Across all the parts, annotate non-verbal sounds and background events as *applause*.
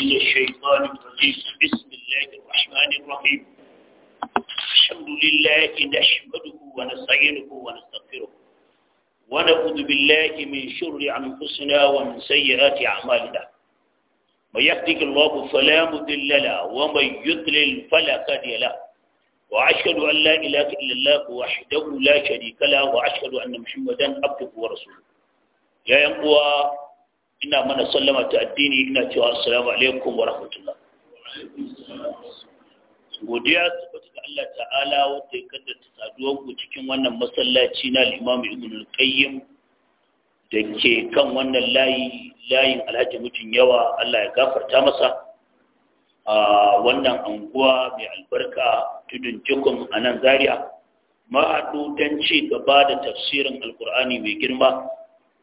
من الشيطان الرجيم بسم الله الرحمن الرحيم الحمد لله نحمده ونستعينه ونستغفره ونعوذ بالله من شر أنفسنا ومن سيئات أعمالنا من يهدك الله فلا مضل له ومن يضلل فلا هادي له وأشهد أن لا إله إلا الله وحده لا شريك له وأشهد أن محمدا عبده ورسوله يا أيها ina mana sallama ta addini ina cewa assalamu alaikum wa rahmatullah godiya tabbata ga Allah ta'ala wanda ya ta saduwar ku cikin wannan masallaci na Imam Ibn al-Qayyim da ke kan wannan layi layin Alhaji Mutun Yawa Allah ya gafarta masa a wannan anguwa mai albarka tudun jikun a nan Zaria ma'adu ci gaba da tafsirin Alkur'ani mai girma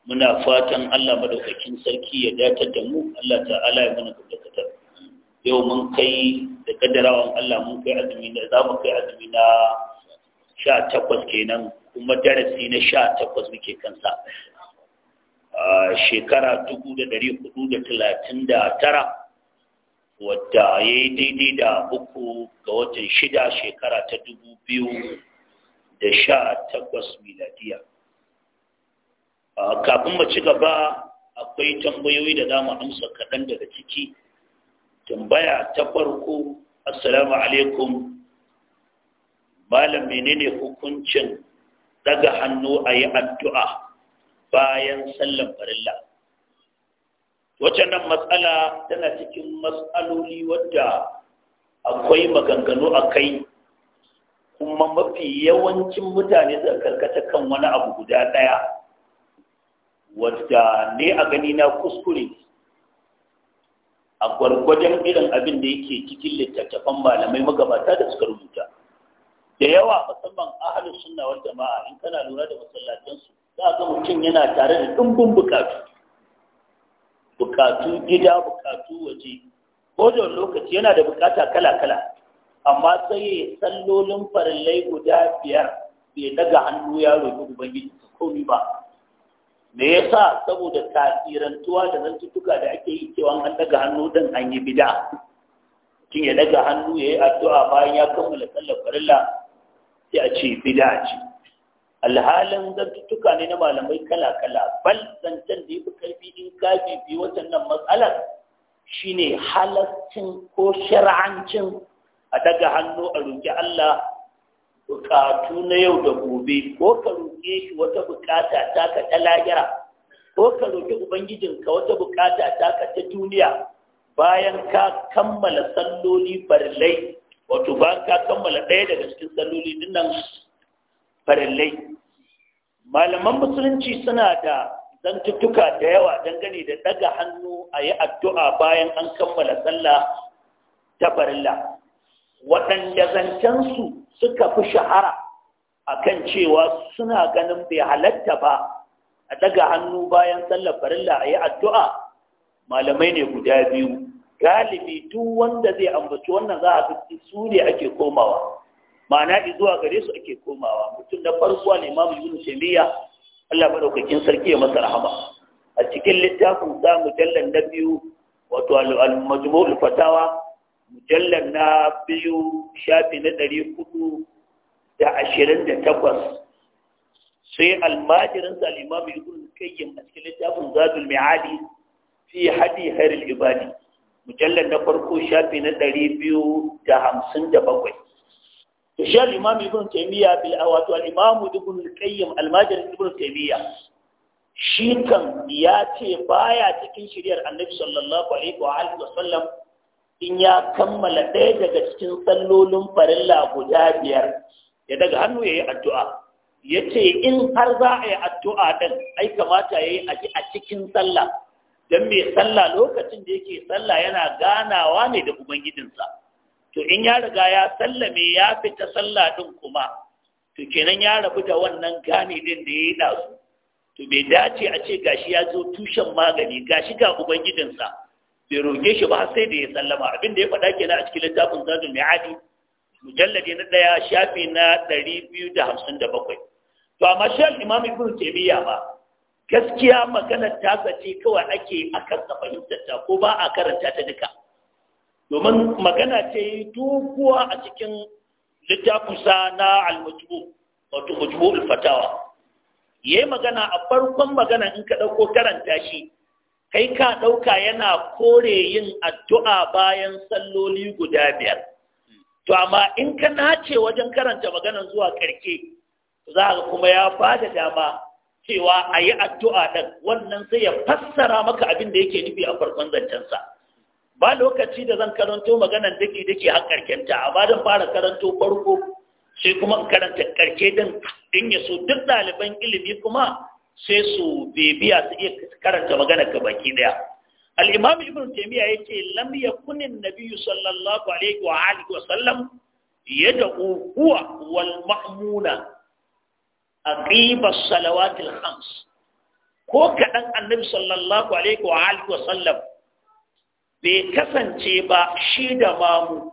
muna fatan Allah madaukakin sarki ya datar da mu Allah ta'ala ya mana kudakatar yau mun kai da kaddarawan Allah mun kai azumi da za mu kai azumi na sha takwas kenan kuma darasi na sha takwas muke kansa shekara dubu da wadda ya yi daidai da uku ga watan shida shekara ta dubu biyu da sha takwas miladiya Ah, kafin mu ci gaba akwai tambayoyi da za mu amsa kaɗan daga ciki tambaya ta farko assalamu alaikum malam menene hukuncin daga hannu a yi addu'a bayan sallan farilla wacce nan matsala tana cikin matsaloli wadda akwai maganganu a kai kuma mafi yawancin mutane da karkata kan wani abu guda ɗaya wadda ne a gani na kuskure a gwargwajen irin abin da yake cikin littattafan malamai magabata da suka rubuta da yawa musamman ahalin suna wal jama'a in kana lura da masallatansu za ga mutum yana tare da dumbin bukatu bukatu gida bukatu waje ko da lokaci yana da bukata kala-kala amma sai ya sallolin farillai guda biyar bai daga hannu ya roƙi ubangiji komai ba me yasa saboda tasirantuwa da zantuttuka da ake yi cewa an daga hannu dan an yi bida kin ya daga hannu yayi addu'a bayan ya kammala sallar farilla sai a ce bida ce alhalin zantuttuka ne na malamai kala kala bal zancen da yafi karfi in kafi bi watannan matsalar shine halaccin ko shar'ancin a daga hannu a roki Allah bukatu na yau da gobe ko ka roƙe shi wata bukata ta ka ta lahira ko ka roƙi ubangijinka wata bukata ta ka ta duniya bayan ka kammala salloli farillai wato bayan ka kammala ɗaya daga cikin salloli dinnan farillai malaman musulunci suna da zantuttuka da yawa dangane da daga hannu a yi addu'a bayan an kammala sallah ta farilla waɗanda zancensu suka fi shahara a kan cewa suna ganin bai halatta ba a daga hannu bayan sallar farilla a yi addu'a malamai ne guda biyu galibi duk wanda zai ambaci wannan za a fi su ne ake komawa ma'ana zuwa gare su ake komawa mutum na farko ne mamu yunus miya. Allah madaukakin sarki ya masa rahama a cikin littafin sa mujallar na biyu wato al-majmu'ul fatawa mujallar na biyu shafi na ɗari hudu da ashirin da takwas sai almajirinsa al'imamu ibn kayyim a cikin littafin zadul mi'ali fi hadi harin ibadi mujallar na farko shafi na ɗari biyu da hamsin da bakwai to shi al'imamu ibn taimiyya bil wato al'imamu ibn kayyim almajirin ibn taimiyya shi kan ya ce baya cikin shiryar annabi sallallahu alaihi wa alihi wa sallam in ya kammala ɗaya daga cikin sallolin farilla guda biyar ya daga hannu ya yi addu'a ya ce in har za a yi addu'a ɗin ai kamata ya yi a cikin sallah don mai sallah lokacin da yake sallah yana ganawa ne da ubangijinsa to in ya riga ya sallame ya fita sallah ɗin kuma to kenan ya rabu da wannan gane ɗin da ya yi ɗazu to bai dace a ce gashi ya zo tushen magani gashi ga ubangijinsa bai roke shi ba sai da ya sallama abinda ya faɗa kenan a cikin littafin mai adi mujalladi na ɗaya shafi na ɗari biyu da hamsin da bakwai to amma shan imam ibn taimiyya ba gaskiya magana ta zace kawai ake a sa fahimtar ta ko ba a karanta ta duka domin magana ce doguwa a cikin littafin sa na al-mujmu wato mujmu al-fatawa yayi magana a farkon magana in ka ɗauko karanta shi kai ka ɗauka yana kore yin addu'a bayan salloli guda biyar to amma in ka nace wajen karanta maganan zuwa ƙarke, za ka kuma ya fada dama cewa a yi addu'a ɗan wannan sai ya fassara maka abin da yake nufi a farkon zancensa ba lokaci da zan karanto maganan dake dake har karkenta amma don fara karanto farko sai kuma karanta ƙarke din in ya so duk ɗaliban ilimi kuma sai su bebiya su iya karanta magana ga baki daya al-imam ibn taymiya yace lam yakun an-nabiy sallallahu alaihi wa alihi wa sallam yad'u huwa wal mahmuna aqiba as-salawat al-khams ko kadan annabi sallallahu alaihi wa alihi wa sallam bai kasance ba shi da mamu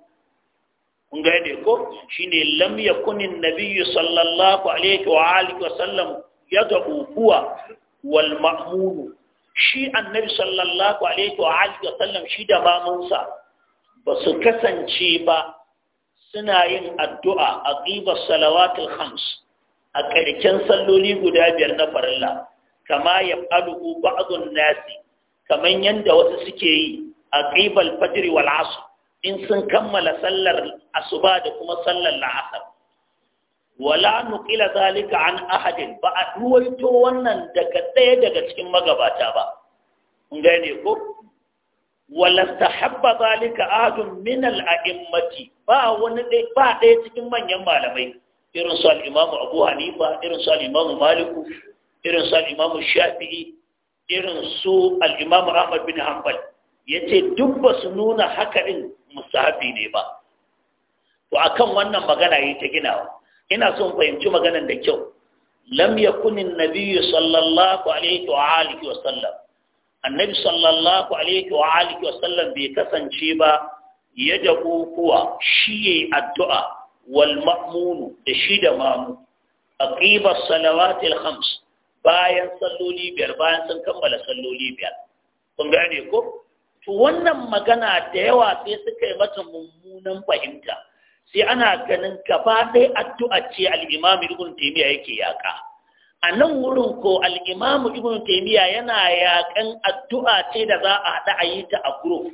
kun ga ne ko shine lam yakun an-nabiy sallallahu alaihi wa alihi wa sallam ya da shi annabi sallallahu alaihi wa alihi wa sallam shi da mamunsa ba su kasance ba suna yin addu'a a qiba salawatul khams a ƙarshen salloli guda biyar na farilla kama ya falu ba'dun nasi kamar yanda wasu suke yi a ƙibar fajr wal asr in sun kammala sallar asuba da kuma sallar la'asar wala nuqila zalika an ahadin ba a ruwaito wannan daga ɗaya daga cikin magabata ba gane ko wala sahabba zalika ahadun min al a'immati ba wani dai ba ɗaya cikin manyan malamai irin su imamu abu hanifa irin su imamu maliku irin su imamu shafi'i irin su al imamu ahmad bin hanbal yace duk ba su nuna haka din musahabi ne ba to akan wannan magana yi ta ginawa ina so fahimci maganar da kyau lam yakun annabi sallallahu alaihi wa alihi wa sallam annabi sallallahu alaihi wa alihi wa sallam bai kasance ba ya dako kuwa shi yayi addu'a wal ma'munu da shi da mamu aqiba salawati al khams bayan salloli biyar bayan sun kammala salloli biyar kun gane ko to wannan magana da yawa sai suka yi mata mummunan fahimta sai ana ganin gaba ɗaya addu'a ce al'imamu ibn taimiyya yake yaƙa a nan wurin ko al'imamu ibn taimiyya yana yaƙan addu'a ce da za a haɗa a yi ta a group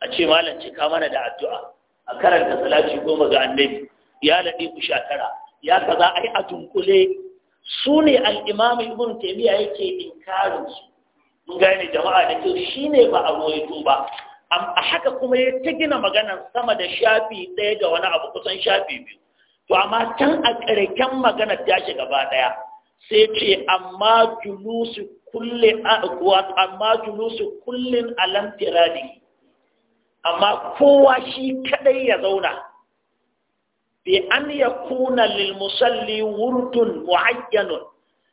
a ce malam cika mana da addu'a a karanta salati goma ga annabi ya laɗe ku sha ya kaza za a tunkule su ne al'imamu ibn taimiyya yake inkarin su mun gane jama'a da kyau shine ba a ruwaito ba a haka kuma ya ta gina maganar sama da shafi ɗaya ga wani abu kusan shafi biyu to amma can a ƙarƙen maganar ta shi gaba ɗaya sai ce amma julusu kulle amma julusu kullin alam ne amma kowa shi kaɗai ya zauna bi an ya lil musalli wurdun muayyanun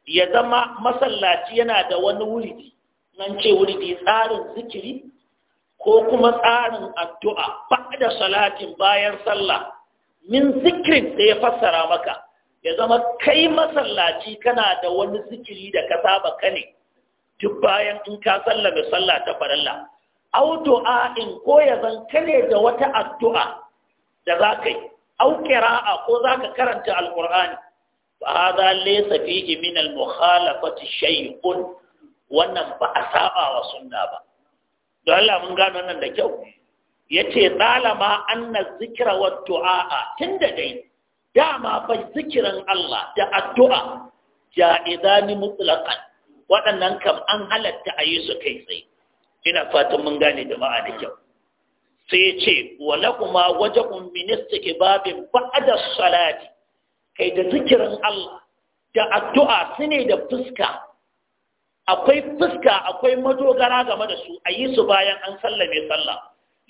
ya zama masallaci yana da wani wuri, nan ce wuri tsarin zikiri ko kuma tsarin addu'a ba da salatin bayan sallah min zikirin da ya fassara maka ya zama kai masallaci kana da wani zikiri da ka saba ka ne duk bayan in ka sallame sallah ta faralla, audu'a in ko ya zan kane da wata addu'a da za ka yi au qira'a ko za ka karanta Ba fa za laysa fihi min al-mukhalafati shay'un wannan ba a saba wa sunna ba don Allah mun gano nan da kyau ya ce yace an anna zikira wa tun da dai dama fa zikirin Allah da addu'a ja'idani mutlaqan waɗannan kam an halatta a yi su kai tsaye ina fatan mun gane jama'a da kyau sai ce wala kuma waja'un min istiqbabin ba'da salati kai da zikirin Allah da addu'a sune da fuska akwai fuska akwai madogara game da su a yi su bayan an sallame sallah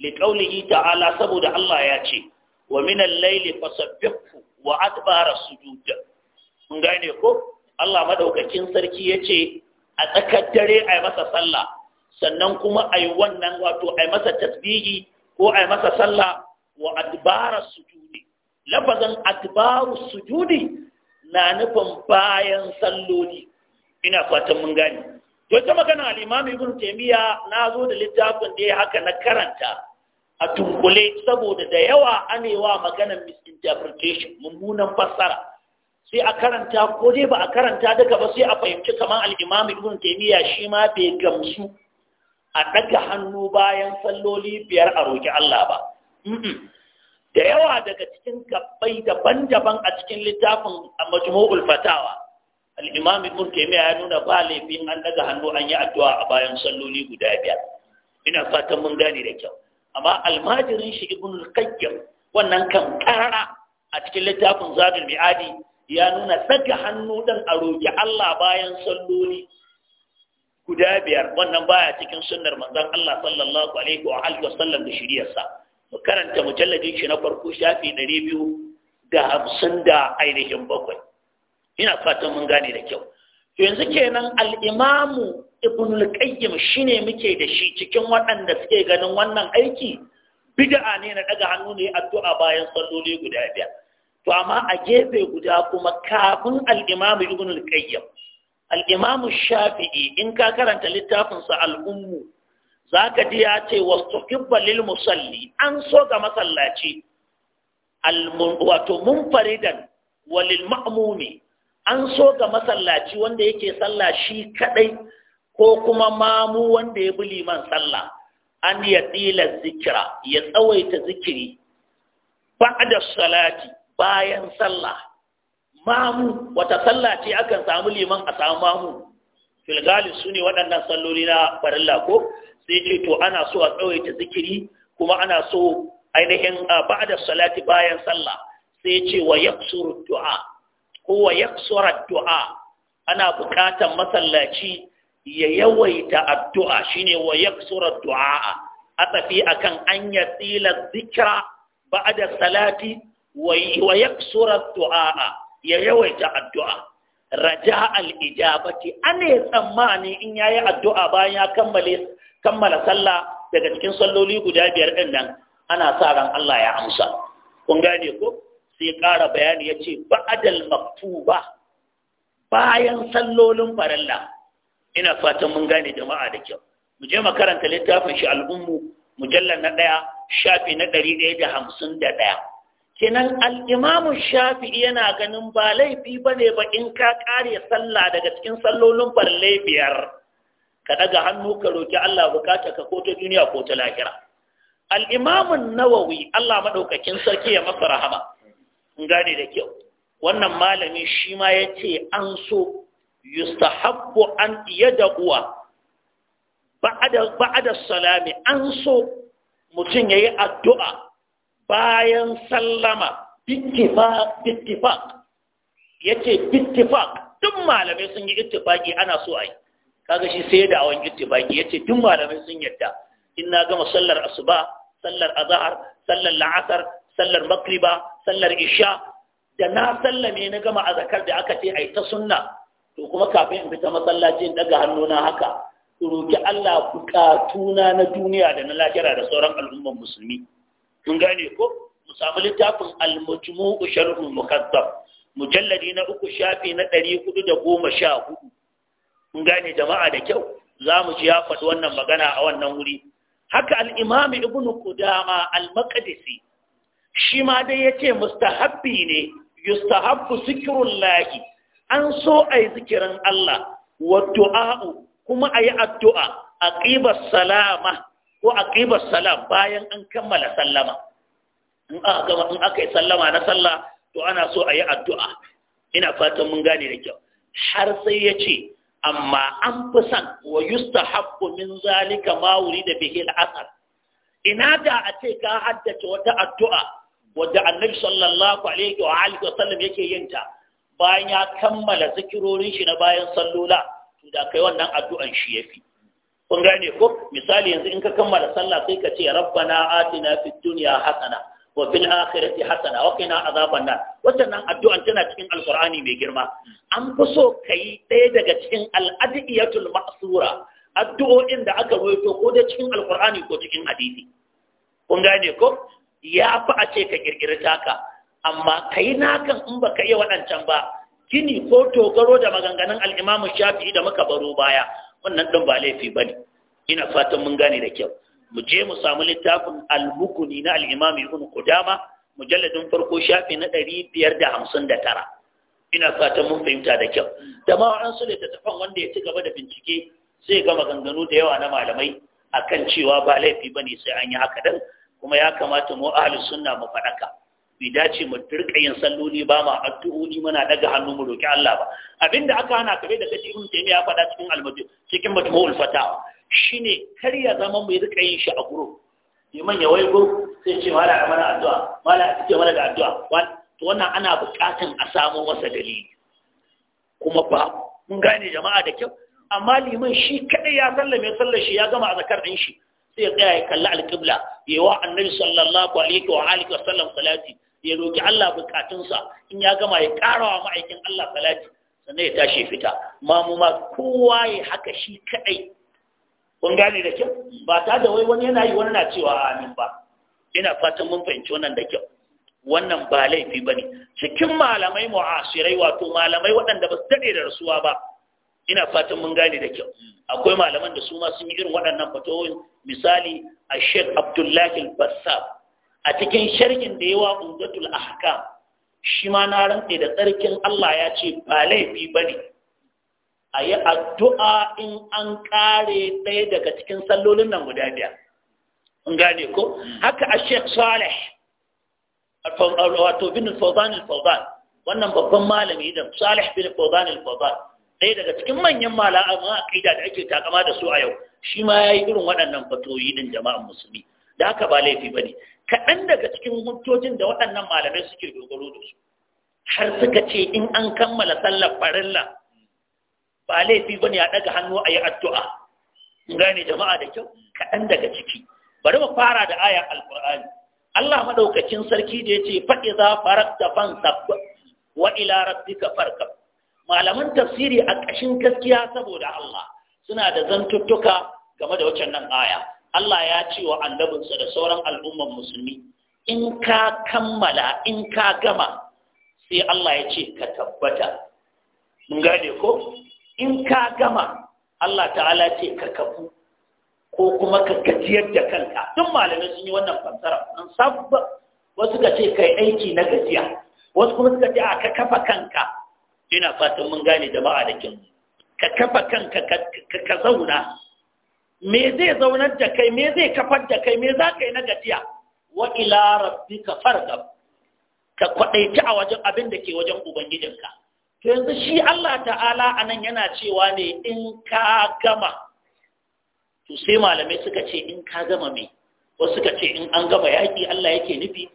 liƙaulihi ta'ala saboda Allah ya ce wa minan laili fasabbihu wa adbara sujud mun gane ko Allah madaukakin sarki ya ce a tsakar dare a yi masa sallah sannan kuma a yi wannan wato a yi masa tasbihi ko a yi masa sallah wa adbara sujudi lafazan adbaru sujudi na nufin bayan salloli ina fatan mun gane to ta magana al-imam ibn taymiya na zo da littafin da ya haka na karanta a tunkule saboda da yawa anewa maganar misinterpretation mummunan fassara sai a karanta ko dai ba a karanta daga ba sai a fahimci kamar al-imam ibn taymiya shi ma bai gamsu a daga hannu bayan salloli biyar a roki Allah ba da yawa daga cikin gabbai daban-daban a cikin littafin majmu'ul fatawa al'imami kun kemi ya nuna ba laifin an daga hannu an yi addu'a a bayan salloli guda biyar ina fatan mun gane da kyau amma almajirin shi ibn al wannan kan karara a cikin littafin zabin mi'adi ya nuna daga hannu dan a roki Allah bayan salloli guda biyar wannan baya cikin sunnar manzon Allah sallallahu alaihi wa alihi wasallam da shiriyarsa mu karanta mujalladin shi na farko shafi ɗari biyu da hamsin da ainihin bakwai ina fatan mun gane da kyau To yanzu kenan al'imamu ibn al-qayyim shine muke da shi cikin waɗanda suke ganin wannan aiki bid'a ne na daga hannu ne addu'a bayan salloli guda biyar to amma a gefe guda kuma kafin al-imam ibn al-qayyim al shafi'i in ka karanta littafin sa al-ummu zaka ji ya ce wastaqibba lil musalli an so ga masallaci al wato munfaridan walil ma'mumi an so ga masallaci wanda yake sallah shi kadai ko kuma mamu wanda ya bi liman sallah an ya tsila zikira ya tsawaita zikiri ba'da salati bayan sallah mamu wata sallah ce akan samu liman a samu mamu filgali su ne waɗannan salloli na farilla ko sai ce to ana so a tsawaita zikiri kuma ana so ainihin ba'da salati bayan sallah sai ce wa yaksuru du'a huwa yaksura du'a ana buƙatar masallaci ya yawaita addu'a shine wa yaksura addu'a atafi akan an yatsila zikra ba'da salati wa yaksura addu'a ya yawaita addu'a raja al-ijabati ane tsammani in yayi addu'a bayan ya kammala sallah daga cikin salloli guda biyar din nan ana sa ran Allah ya amsa kun gane ko sai ƙara bayani ya ce ba'adal ba. bayan sallolin farilla ina fatan mun gane jama'a da kyau mu je makaranta littafin shi al'ummu mujallar na ɗaya shafi na ɗari ɗaya da hamsin da ɗaya kenan al'imamu shafi yana ganin ba laifi ba ne ba in ka ƙare sallah daga cikin sallolin farilla biyar ka daga hannu ka roki Allah bukata ka ko ta duniya ko ta lahira al'imamun nawawi Allah maɗaukakin sarki ya masa rahama gane da kyau wannan malami shi ma ya ce an so yustahabbu an da uwa ba'ada salami an so mutum ya yi addu'a bayan sallama bittifaq ya ce bittifaq duk malamai sun yi ittifaki ana so a yi kaga shi sai da awon ittifaki ya ce duk malamai sun yadda in na gama sallar asuba sallar azahar sallar la'asar sallar makriba sallar isha da na sallame na gama zakar da aka ce ai ta sunna to kuma kafin in fita masallaci in daga hannuna haka roki Allah bukatuna na duniya da na lahira da sauran al'umman musulmi mun gane ko mu samu littafin al-majmu'u sharhul mukaddam mujalladi na uku shafi na ɗari hudu da goma sha hudu mun gane jama'a da kyau za mu ji ya faɗi wannan magana a wannan wuri haka al'imami ibnu kudama al maqdisi shi ma dai ya ce mustahabbi ne yustahabbu zikirun lahi an so a yi zikirin Allah wa du'a'u kuma a yi addu'a a ƙibar salama ko a ƙibar salam bayan an kammala sallama in aka yi sallama na sallah to ana so a yi addu'a ina fatan mun gane da kyau har sai ya ce amma an fi san wa yustahabbu min zalika ma wuri da bihil asar ina da a ce ka haddace wata addu'a wadda annabi sallallahu alaihi wa alihi wasallam yake yin ta bayan ya kammala zikirorin shi na bayan sallola to da kai wannan addu'an shi yafi kun gane ko misali yanzu in ka kammala sallah sai ka ce rabbana atina fid dunya hasana wa fil akhirati hasana wa qina azaban nar wannan addu'an tana cikin alqur'ani mai girma an fi so kai ɗaya daga cikin al'adiyatul ma'sura addu'o'in da aka rawaito ko da cikin alqur'ani ko cikin hadisi kun gane ko ya fi a ce ka ƙirƙiri taka amma kai nakan in ba ka iya waɗancan ba gini ko togaro da maganganun al'imamu shafi'i da muka baro baya wannan ɗin ba laifi ba ne ina fatan mun gane da kyau mu je mu samu littafin al na al-imam ibn qudama mujalladin farko shafi na ɗari biyar da da hamsin tara. ina fatan mun fahimta da kyau da ma an su da wanda ya ci gaba da bincike sai ga maganganu da yawa na malamai akan cewa ba laifi ba ne sai an yi haka dan kuma ya kamata mu ahli sunna mu fadaka bi dace mu turka yin salloli ba ma addu'o'i muna daga hannu mu roki Allah ba abinda aka hana kabe da kace ibn taymiya ya faɗa cikin al cikin majmu'ul fatawa shine kar ya zama mu rika yin shi a guru liman ya waigo sai ce mala a mana addu'a mala a cike mana da addu'a to wannan ana buƙatar a samo wasa dalili kuma ba mun gane jama'a da kyau amma liman shi kadai ya sallame sallar shi ya gama azkar din shi sai ya tsaya ya kalli alƙibla ya wa annabi sallallahu alaihi wa alihi wa sallam salati ya roki Allah bukatunsa in ya gama ya ƙara wa ma'aikin Allah salati sannan ya tashi fita mu ma kowa ya haka shi kaɗai. kun gane da kyau ba ta da wai wani yana yi wani na cewa amin ba ina fatan mun fahimci wannan da kyau wannan ba laifi ba cikin malamai mu'asirai wato malamai waɗanda ba su daɗe da rasuwa ba ina fatan mun gane da kyau akwai malaman da su ma sun yi irin waɗannan fatoyin misali a shek abdullahi al a cikin sharhin da yawa umdatul ahkam shi ma na rantse da tsarkin Allah ya ce ba laifi ba ne a yi addu'a in an ƙare ɗaya daga cikin sallolin nan guda biyar in gane ko haka a shek salih wato bin fawzan al-fawzan wannan babban malami idan salih bin fawzan al-fawzan ɗaya daga cikin manyan malama aqida da ake takama da su a yau shi ma ya yi irin waɗannan fatoyi ɗin jama'an musulmi da haka ba laifi ba ne. kaɗan daga cikin hujjojin da waɗannan malamai suke dogaro da su har suka ce in an kammala sallar farilla ba laifi ba ne a ɗaga hannu a yi addu'a gane jama'a da kyau kaɗan daga ciki bari mu fara da aya alƙur'ani Allah maɗaukacin sarki da faɗi za idza faraqta fansab wa ila rabbika farkab malaman tafsiri a ƙashin gaskiya saboda Allah suna da zantuttuka game da waccan nan aya Allah ya ce wa annabinsa da sauran al'umman musulmi in ka kammala in ka gama sai Allah ya ce ka tabbata mun gane ko in ka gama Allah ta'ala ce ka kafu ko kuma ka gajiyar da kanka duk malamai sun yi wannan fassara an sabba wasu ka ce kai aiki na gajiya wasu kuma suka ce a ka kafa kanka ina fatan mun gane jama'a da kin ka kafa kanka ka zauna me zai zaunar da kai me zai kafar da kai me za ka yi na gajiya wa ila rabbika farghab ka kwadaici a wajen abin da ke wajen ubangijinka to yanzu shi Allah ta'ala anan yana cewa ne in ka gama to sai malamai suka ce in ka gama me wasu suka ce in an gama yaƙi Allah yake nufi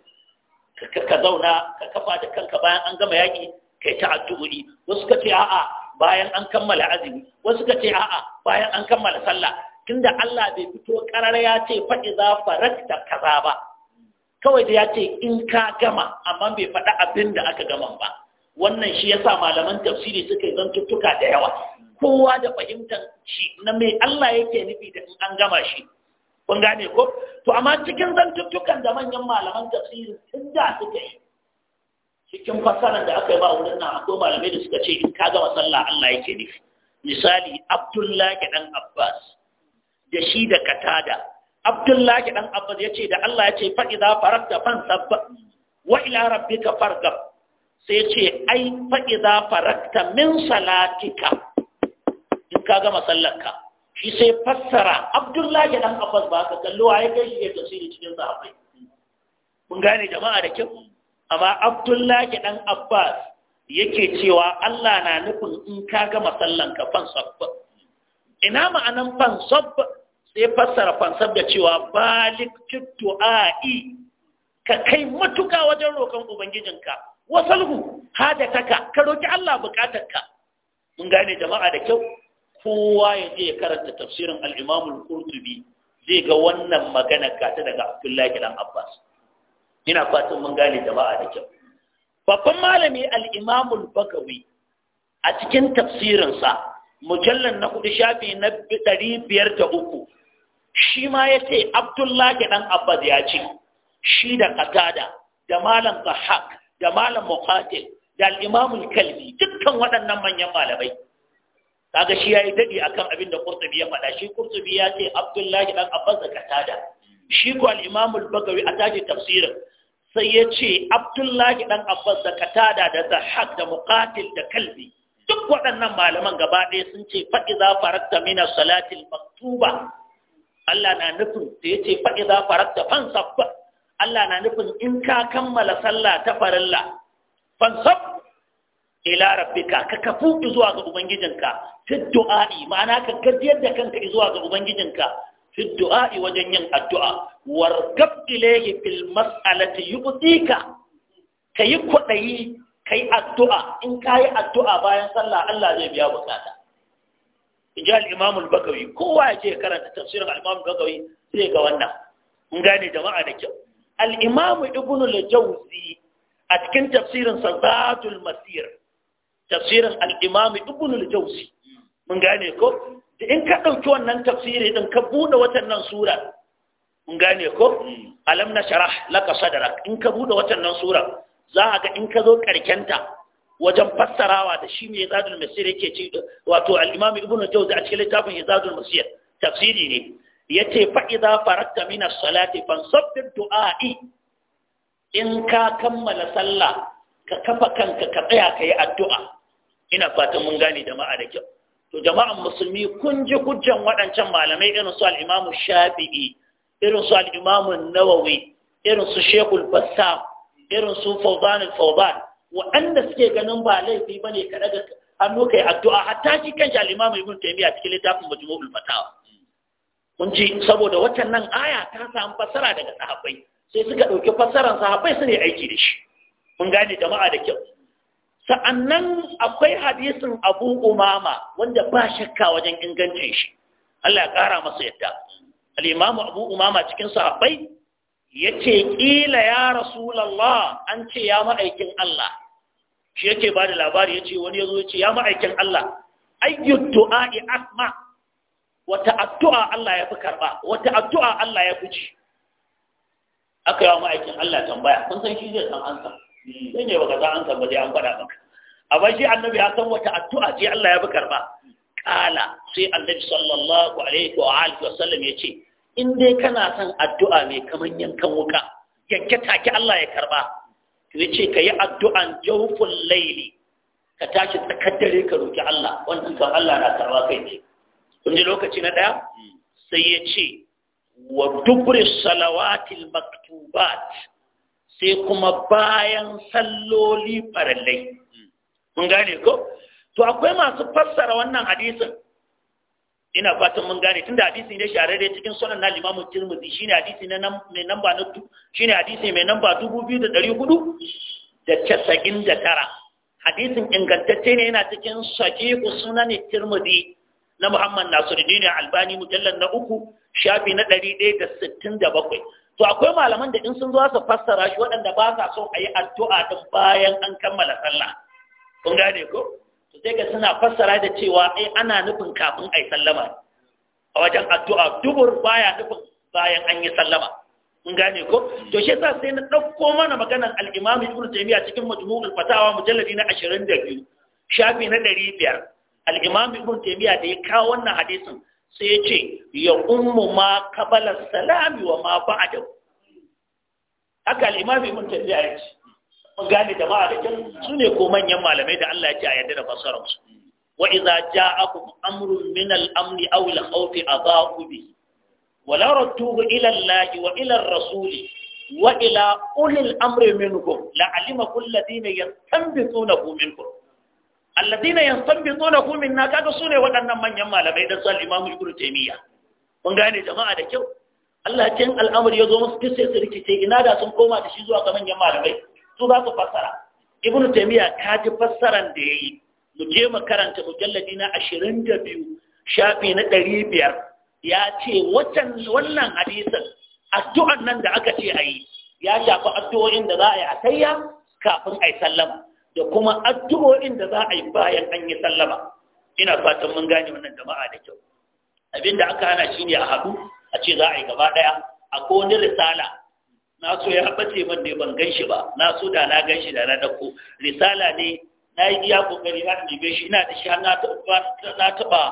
ka zauna ka kafa da kanka bayan an gama yaki kai ta addu'o'i wasu ka ce a'a bayan an kammala azumi wasu ka ce a'a bayan an kammala sallah tunda Allah bai fito karar ya ce faɗi za farakta kaza ba kawai da ya ce in ka gama amma bai faɗa abin da aka gama ba wannan shi yasa malaman tafsiri suka yi zantuttuka da yawa kowa da fahimtar shi na mai Allah yake nufi da in an gama shi kun gane ko to amma cikin zantuttukan da manyan malaman tafsiri tun da suka yi cikin fassarar da aka yi ba wurin nan akwai malamai da suka ce in ka gama sallah Allah yake nufi misali Abdullahi dan Abbas da shi da Katada Abdullahi dan Abbas yace da Allah yace fa idza faragta fansab wa ila rabbika farghab sai yace ai fa idza faragta min salatika in ka gama ka. shi sai fassara Abdullahi dan Abbas ba ka kallo ai kai shi ya tafsiri cikin sahabbai mun gane jama'a da kyau amma abdullahi dan abbas yake cewa Allah na nufin in ka gama ka fansab ina ma'anan fansab sai fassara fansab da cewa balik kiftu-a'i, ka kai matuka wajen roƙon ubangijinka wasalhu hadataka ka roki Allah bukatarka mun gane jama'a da kyau kowa ya je ya karanta tafsirin al-Imam qurtubi zai ga wannan magana ta daga Abdullahi dan Abbas ina fatan mun gane jama'a da kyau babban malami al-imam al-bakawi a cikin tafsirinsa mujallar na hudu shafi na ɗari da uku shi ma ya ce abdullahi dan abbas ya ce shi da qatada da malam bahak da malam muqatil da al kalbi dukkan waɗannan manyan malamai kaga shi yayi yi daɗi akan abin da qurtubi ya faɗa shi qurtubi ya ce abdullahi ɗan abbas da katada shi ko al bagawi a taji tafsirin sai ya ce abdullahi dan abbas da katada da zahak da muqatil da kalbi duk waɗannan malaman gaba ɗaya sun ce fa'iza farakta mina salatin maktuba Allah na nufin da ya ce farakta Allah na nufin in ka kammala sallah ta farilla fansab ila rabbika ka kafu zuwa ga ubangijinka fi du'a'i ma'ana ka gajiyar da kanka zuwa ga ubangijinka fi du'a wajen yin addu'a wargab ilayhi fil ka yubtika kayi kwadayi kai addu'a in kayi addu'a bayan sallah Allah zai biya bukata inji al-Imam al-Bagawi kowa ya ce karanta tafsirin al al-Bagawi sai ga wannan mun gane jama'a da kyau al-Imam Ibn a cikin tafsirin Sazatul Masir tafsirin al mun gane ko in ka ɗauki wannan tafsiri ɗin ka buɗe watannan sura in gane ko alam na sharah laka sadrak in ka buɗe watannan sura za a ga in ka zo ƙarkenta wajen fassarawa da shi mai zadul masir yake ci wato al-imam ibnu jawzi a cikin littafin zadul masir tafsiri ne yace fa idza farakta min as-salati fansabbir du'a'i in ka kammala sallah ka kafa kanka ka tsaya kai addu'a ina fatan mun gane jama'a da kyau to jama'an musulmi kun ji hujjan waɗancan malamai irin su al'imamu Shafi'i irin su al'imamu Nawawi irin su Shekul basa irin su Fawzan fauzan waɗanda suke ganin ba laifi ne ne daga hannu kai addu'a hatta shi Al'imamin al-Imam Ibn cikin littafin Majmu'ul Fatawa kun ji saboda watan nan aya ta samu fassara daga sahabbai sai suka ɗauki fassaran sahabbai su ne aiki da shi mun gane jama'a da kyau sa'annan akwai hadisin abu umama wanda ba shakka wajen ingancin shi Allah ya kara masa yadda al'imamu abu umama cikin sahabbai ya ce ƙila ya rasulallah an ce ya ma'aikin Allah shi yake ba da labari ya ce wani ya zo ya ce ya ma'aikin Allah ayyud du'a'i asma wata addu'a Allah ya fi karba. wata addu'a Allah ya fi ji aka yi wa ma'aikin Allah tambaya kun san shi zai san ansa Zan ne baka san an san ba sai an faɗa maka amma shi annabi ya san wata addu'a ce Allah ya bi karba kala sai annabi sallallahu alaihi wa alihi wa sallam ya ce in dai kana son addu'a mai kaman yankan wuka yanke take Allah ya karba ya ce ka yi addu'an jawful laili ka tashi tsakar dare ka roki Allah wannan kan Allah na karba kai ne kun ji lokaci na ɗaya hmm. sai ya ce wa dubri salawatil maktubat sai kuma bayan salloli farallai mun gane ko to akwai masu fassara wannan hadisin ina fatan mun gane tunda hadisi ne shahararre cikin sunan na limamu tirmidhi shine hadisi mai namba na tu ne hadisi mai namba tara. hadisin ingantacce ne yana cikin sahihu sunan tirmidhi na Muhammad Nasiruddin Albani mujallar na uku shafi na da da sittin bakwai. to akwai malaman da in sun zo su fassara shi waɗanda ba sa so a yi addu'a din bayan an kammala sallah kun gane ko to sai ga suna fassara da cewa ai eh, ana nufin kafin ai sallama a wajen addu'a dubur baya nufin bayan an yi sallama kun gane ko to shi yasa sai na dauko mana maganar al-Imam Ibn Taymiyyah cikin Majmu'ul Fatawa mujalladi na 22 shafi na 500 al-Imam Ibn Taymiyyah da ya kawo wannan hadisin sai ce ya ummu ma kabala salami wa ma ba'da haka al mun tafiya ya ce mun gane jama'a da kin su ne ko manyan malamai da Allah ya ce a yadda da fasarar su wa idza ja'akum amrun min al-amni aw al-khawf adha'u bi wa la radduhu ila Allah wa ila ar-rasul wa ila ulil amri minkum la'alima kullu dhin yastanbitunahu minkum alladina yastanbituna Kumin minna kaga sune waɗannan manyan malamai dan sal imam ibnu taymiya kun gane jama'a da kyau Allah tin al'amari yazo musu kisse su rikice ina da sun koma da shi zuwa ga manyan malamai su za su fassara ibnu taymiya ka ji fassaran da yayi mu je mu karanta ashirin da 22 shafi na ɗari biyar. ya ce wannan hadisin addu'an nan da aka ce a yi ya shafi addu'o'in da za a yi a tayya kafin a yi sallama da kuma addu’o da za a yi bayan an yi sallama ina fatan mun gane wannan jama'a da kyau abinda aka hana shi ne a haɗu a ce za a yi gaba ɗaya akwai wani risala na so ya bace man da ban gan shi ba na so da na gan shi da na dako risala ne na yi iya kokari na ɗibe shi ina da shi har na taɓa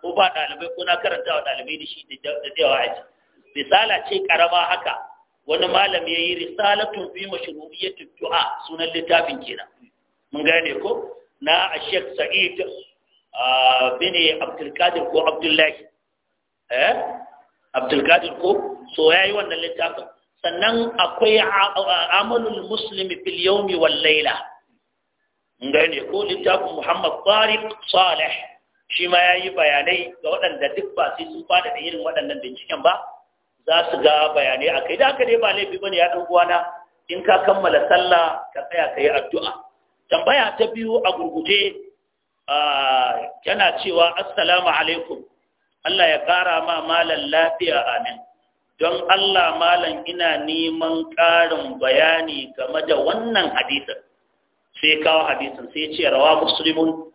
ko ba ɗalibai ko na karanta wa ɗalibai da shi da yawa ji risala ce karama haka wani malam ya yi tun fi mashru'iyyatud du'a sunan littafin kenan mun gane ko na Sheikh Sa'id bin Abdulkadir ko Abdullahi eh Abdulkadir ko so yayi wannan littafin sannan akwai amalul muslimi fil yawmi wal layla mun gane ko littafin Muhammad Tariq salih shi ma yayi bayanai ga waɗanda duk ba sai sun fada da irin waɗannan binciken ba za su ga bayanai kai, da haka dai ba laifi bane ya dan uwana in ka kammala sallah ka tsaya kai addu'a tambaya ta biyu a gurguje yana cewa assalamu alaikum Allah ya ƙara ma malan lafiya amin don Allah malan ina neman ƙarin bayani game da wannan hadisin sai kawo hadisin sai ce rawa muslimun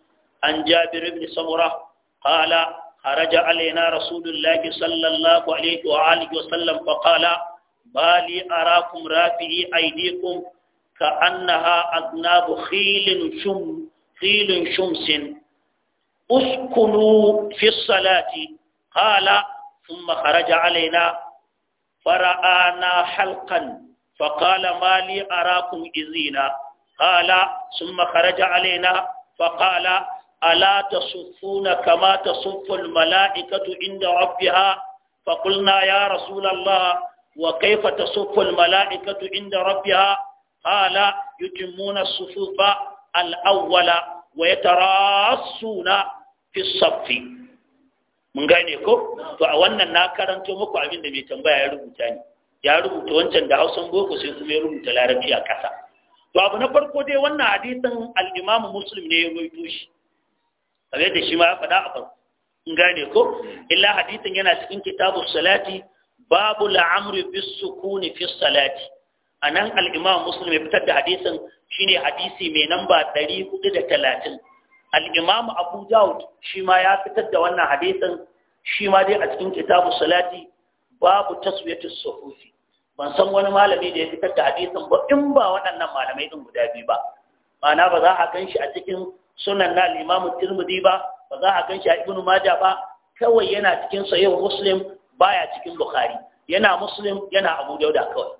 an jabir ibn samura qala kharaja alaina rasulullahi sallallahu alaihi wa alihi wa sallam fa qala bali arakum rafi'i aydikum كأنها أذناب خيل شم خيل شمس اسكنوا في الصلاة قال ثم خرج علينا فرآنا حلقا فقال ما لي أراكم إذينا قال ثم خرج علينا فقال ألا تصفون كما تصف الملائكة عند ربها فقلنا يا رسول الله وكيف تصف الملائكة عند ربها قال يتمون الصفوف sufufa ويتراصون في الصف yatarassuna fi as mun gane ko to a wannan na karanto muku abin da mai tambaya ya rubuta ni ya rubuta wancan da Hausan boko sai kuma ya rubuta larabci a kasa to abu na farko dai wannan hadisin al-Imam Muslim ne ya rubuto shi kamar da shi ma ya faɗa a farko in gane ko illa hadisin yana cikin kitabu salati babu la'amri bis sukuni fi salati a nan al'imam muslim ya fitar da shi shine hadisi mai namba 430 al'imam abu daud shi ma ya fitar da wannan hadisin shi ma dai a cikin kitabu salati babu taswiyatun suhufi ban san wani malami da ya fitar da hadisin ba in ba waɗannan malamai din guda biyu ba ma'ana ba za a gan shi a cikin sunan na al tirmidhi ba ba za a gan shi a ibnu majah ba kawai yana cikin sahih muslim baya cikin bukhari yana muslim yana abu dauda kawai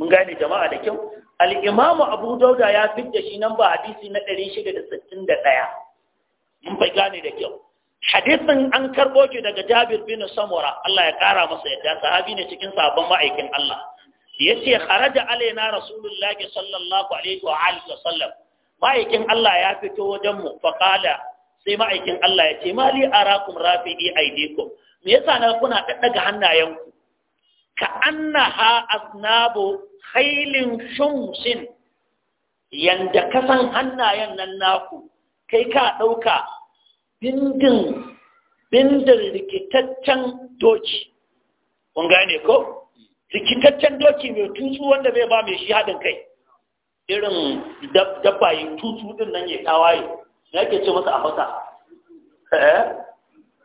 mun gane jama'a da kyau al abu dauda ya fidda shi nan ba hadisi na 661 mun bai gane da kyau hadisin an karbo ki daga jabir bin samura Allah ya kara masa yadda sahabi ne cikin sabon ma'aikin Allah yace kharaja alaina rasulullahi sallallahu alaihi wa alihi wa sallam ma'aikin Allah ya fito wajen mu fa qala sai ma'aikin Allah ya ce mali arakum rafi'i aidikum me yasa na kuna daddaga hannayenku ka annaha hailin khailin shumshin yadda kasan hannayen nan naku kai ka ɗauka bindin bindin rikitaccen doki kun gane ko rikitaccen doki mai tutu wanda bai ba mai shi haɗin kai irin dabbayin tutu ɗin nan ya tawaye na ke ce masa a hausa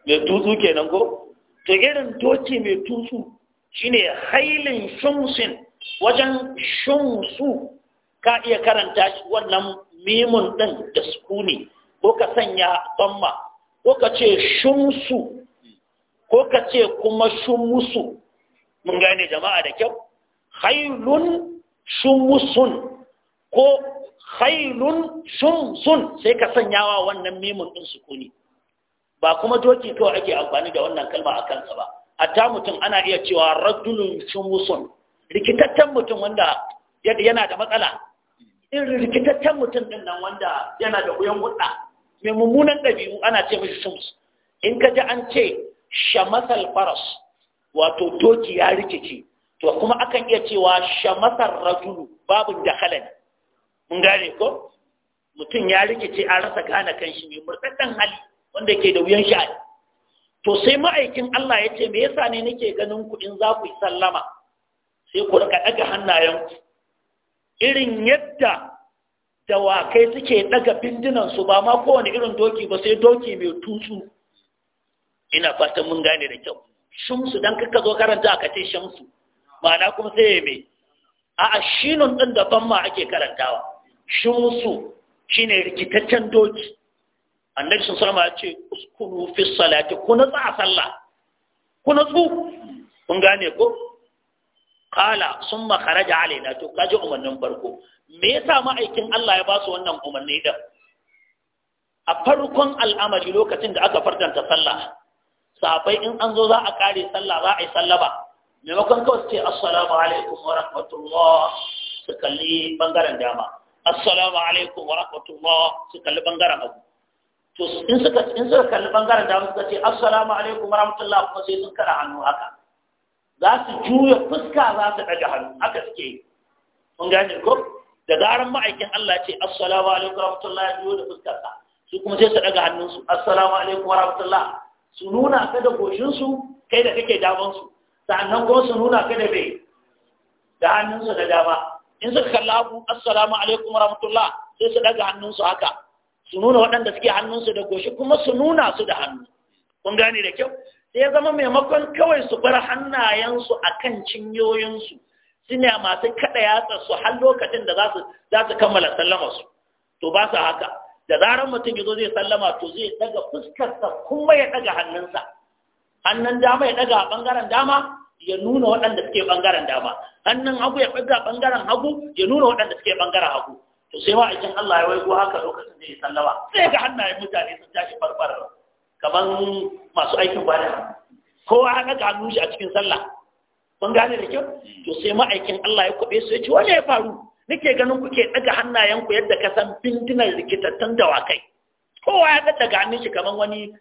mai ke kenan ko ta irin doki mai tutu shine hailin shunsin wajen shumsu ka iya karanta wannan mimun ɗin da sukuni ko ka sanya bamma ko ka ce shumsu ko ka ce kuma shunmusu mun gane jama'a da kyau hailun shunmusun ko hailun shumsun sai ka sanyawa wannan mimun ɗin sukuni ba kuma doki kawai ake amfani da wannan kalma a kansa ba hatta mutum ana iya cewa sun shumusun rikitaccen mutum wanda yana da matsala iri rikitaccen mutum din nan wanda yana da wuyan hudda mai mummunan ɗabi'u ana ce mishi shums in ka ji an ce shamasal faras wato Toki ya rikici to kuma akan iya cewa shamasar Radulu babu da halali mun gane ko mutum ya rikice a rasa gane kan shi mai murɗaɗɗen hali wanda ke da wuyan sha'ani to sai ma'aikin Allah ya ce me yasa ne nake ganin ku in za ku yi sallama sai ku rika daga hannayenku irin yadda dawakai suke daga bindinan ba ma kowane irin doki ba sai doki mai tutsu ina fatan mun gane da kyau shamsu dan kaka zo karanta ka ce shamsu ma'ana kuma sai ya mai a shinun din da ban ma ake karantawa Shumsu shine rikitaccen doki annabi sun sama ya ce uskunu fi salati ku natsu a sallah ku natsu kun gane ko qala summa kharaja alaina to ka kaji umarnin farko me yasa ma'aikin Allah ya ba su wannan umarni da a farkon al'amari lokacin da aka fardanta sallah sabai in an zo za a kare sallah za a yi sallaba maimakon kawai su ce assalamu alaikum wa rahmatullah su kalli bangaren dama assalamu alaikum wa rahmatullah su kalli bangaren abu to in suka in suka kalli bangaren da suka ce assalamu alaikum warahmatullahi kuma sai sun kada hannu haka za su juya fuska za su daga hannu haka suke kun gane ko da zaran ma'aikin Allah ce assalamu alaikum warahmatullahi ya juyo da fuskar sa su kuma sai su daga hannunsu assalamu alaikum warahmatullahi su nuna ka da goshin su kai da kake daman su sannan kuma su nuna ka da bai da hannunsu da dama in suka kalla abu assalamu alaikum warahmatullahi sai su daga hannunsu haka su nuna waɗanda suke hannunsu da goshi kuma su nuna su da hannu kun gani da kyau sai ya zama maimakon kawai su bar hannayensu a kan cinyoyinsu suna masu kaɗa yatsa su har lokacin da za su kammala sallama su to ba su haka da zarar mutum ya zo zai sallama to zai daga fuskarsa kuma ya daga hannunsa hannun dama ya daga a ɓangaren dama ya nuna waɗanda suke ɓangaren dama hannun hagu ya ɗaga ɓangaren hagu ya nuna waɗanda suke ɓangaren hagu to sai ma ikin Allah ya waigo haka lokacin da ya sallama sai ga hannayen mutane sun tashi barbarar kamar masu aikin bada kowa haka ga hannun shi a cikin sallah kun gane da kyau to sai aikin Allah ya kube su ya ce wani ya faru nake ganin kuke daga hannayenku yadda ka san bindinan rikitattun dawakai kowa ya daga hannun shi kamar wani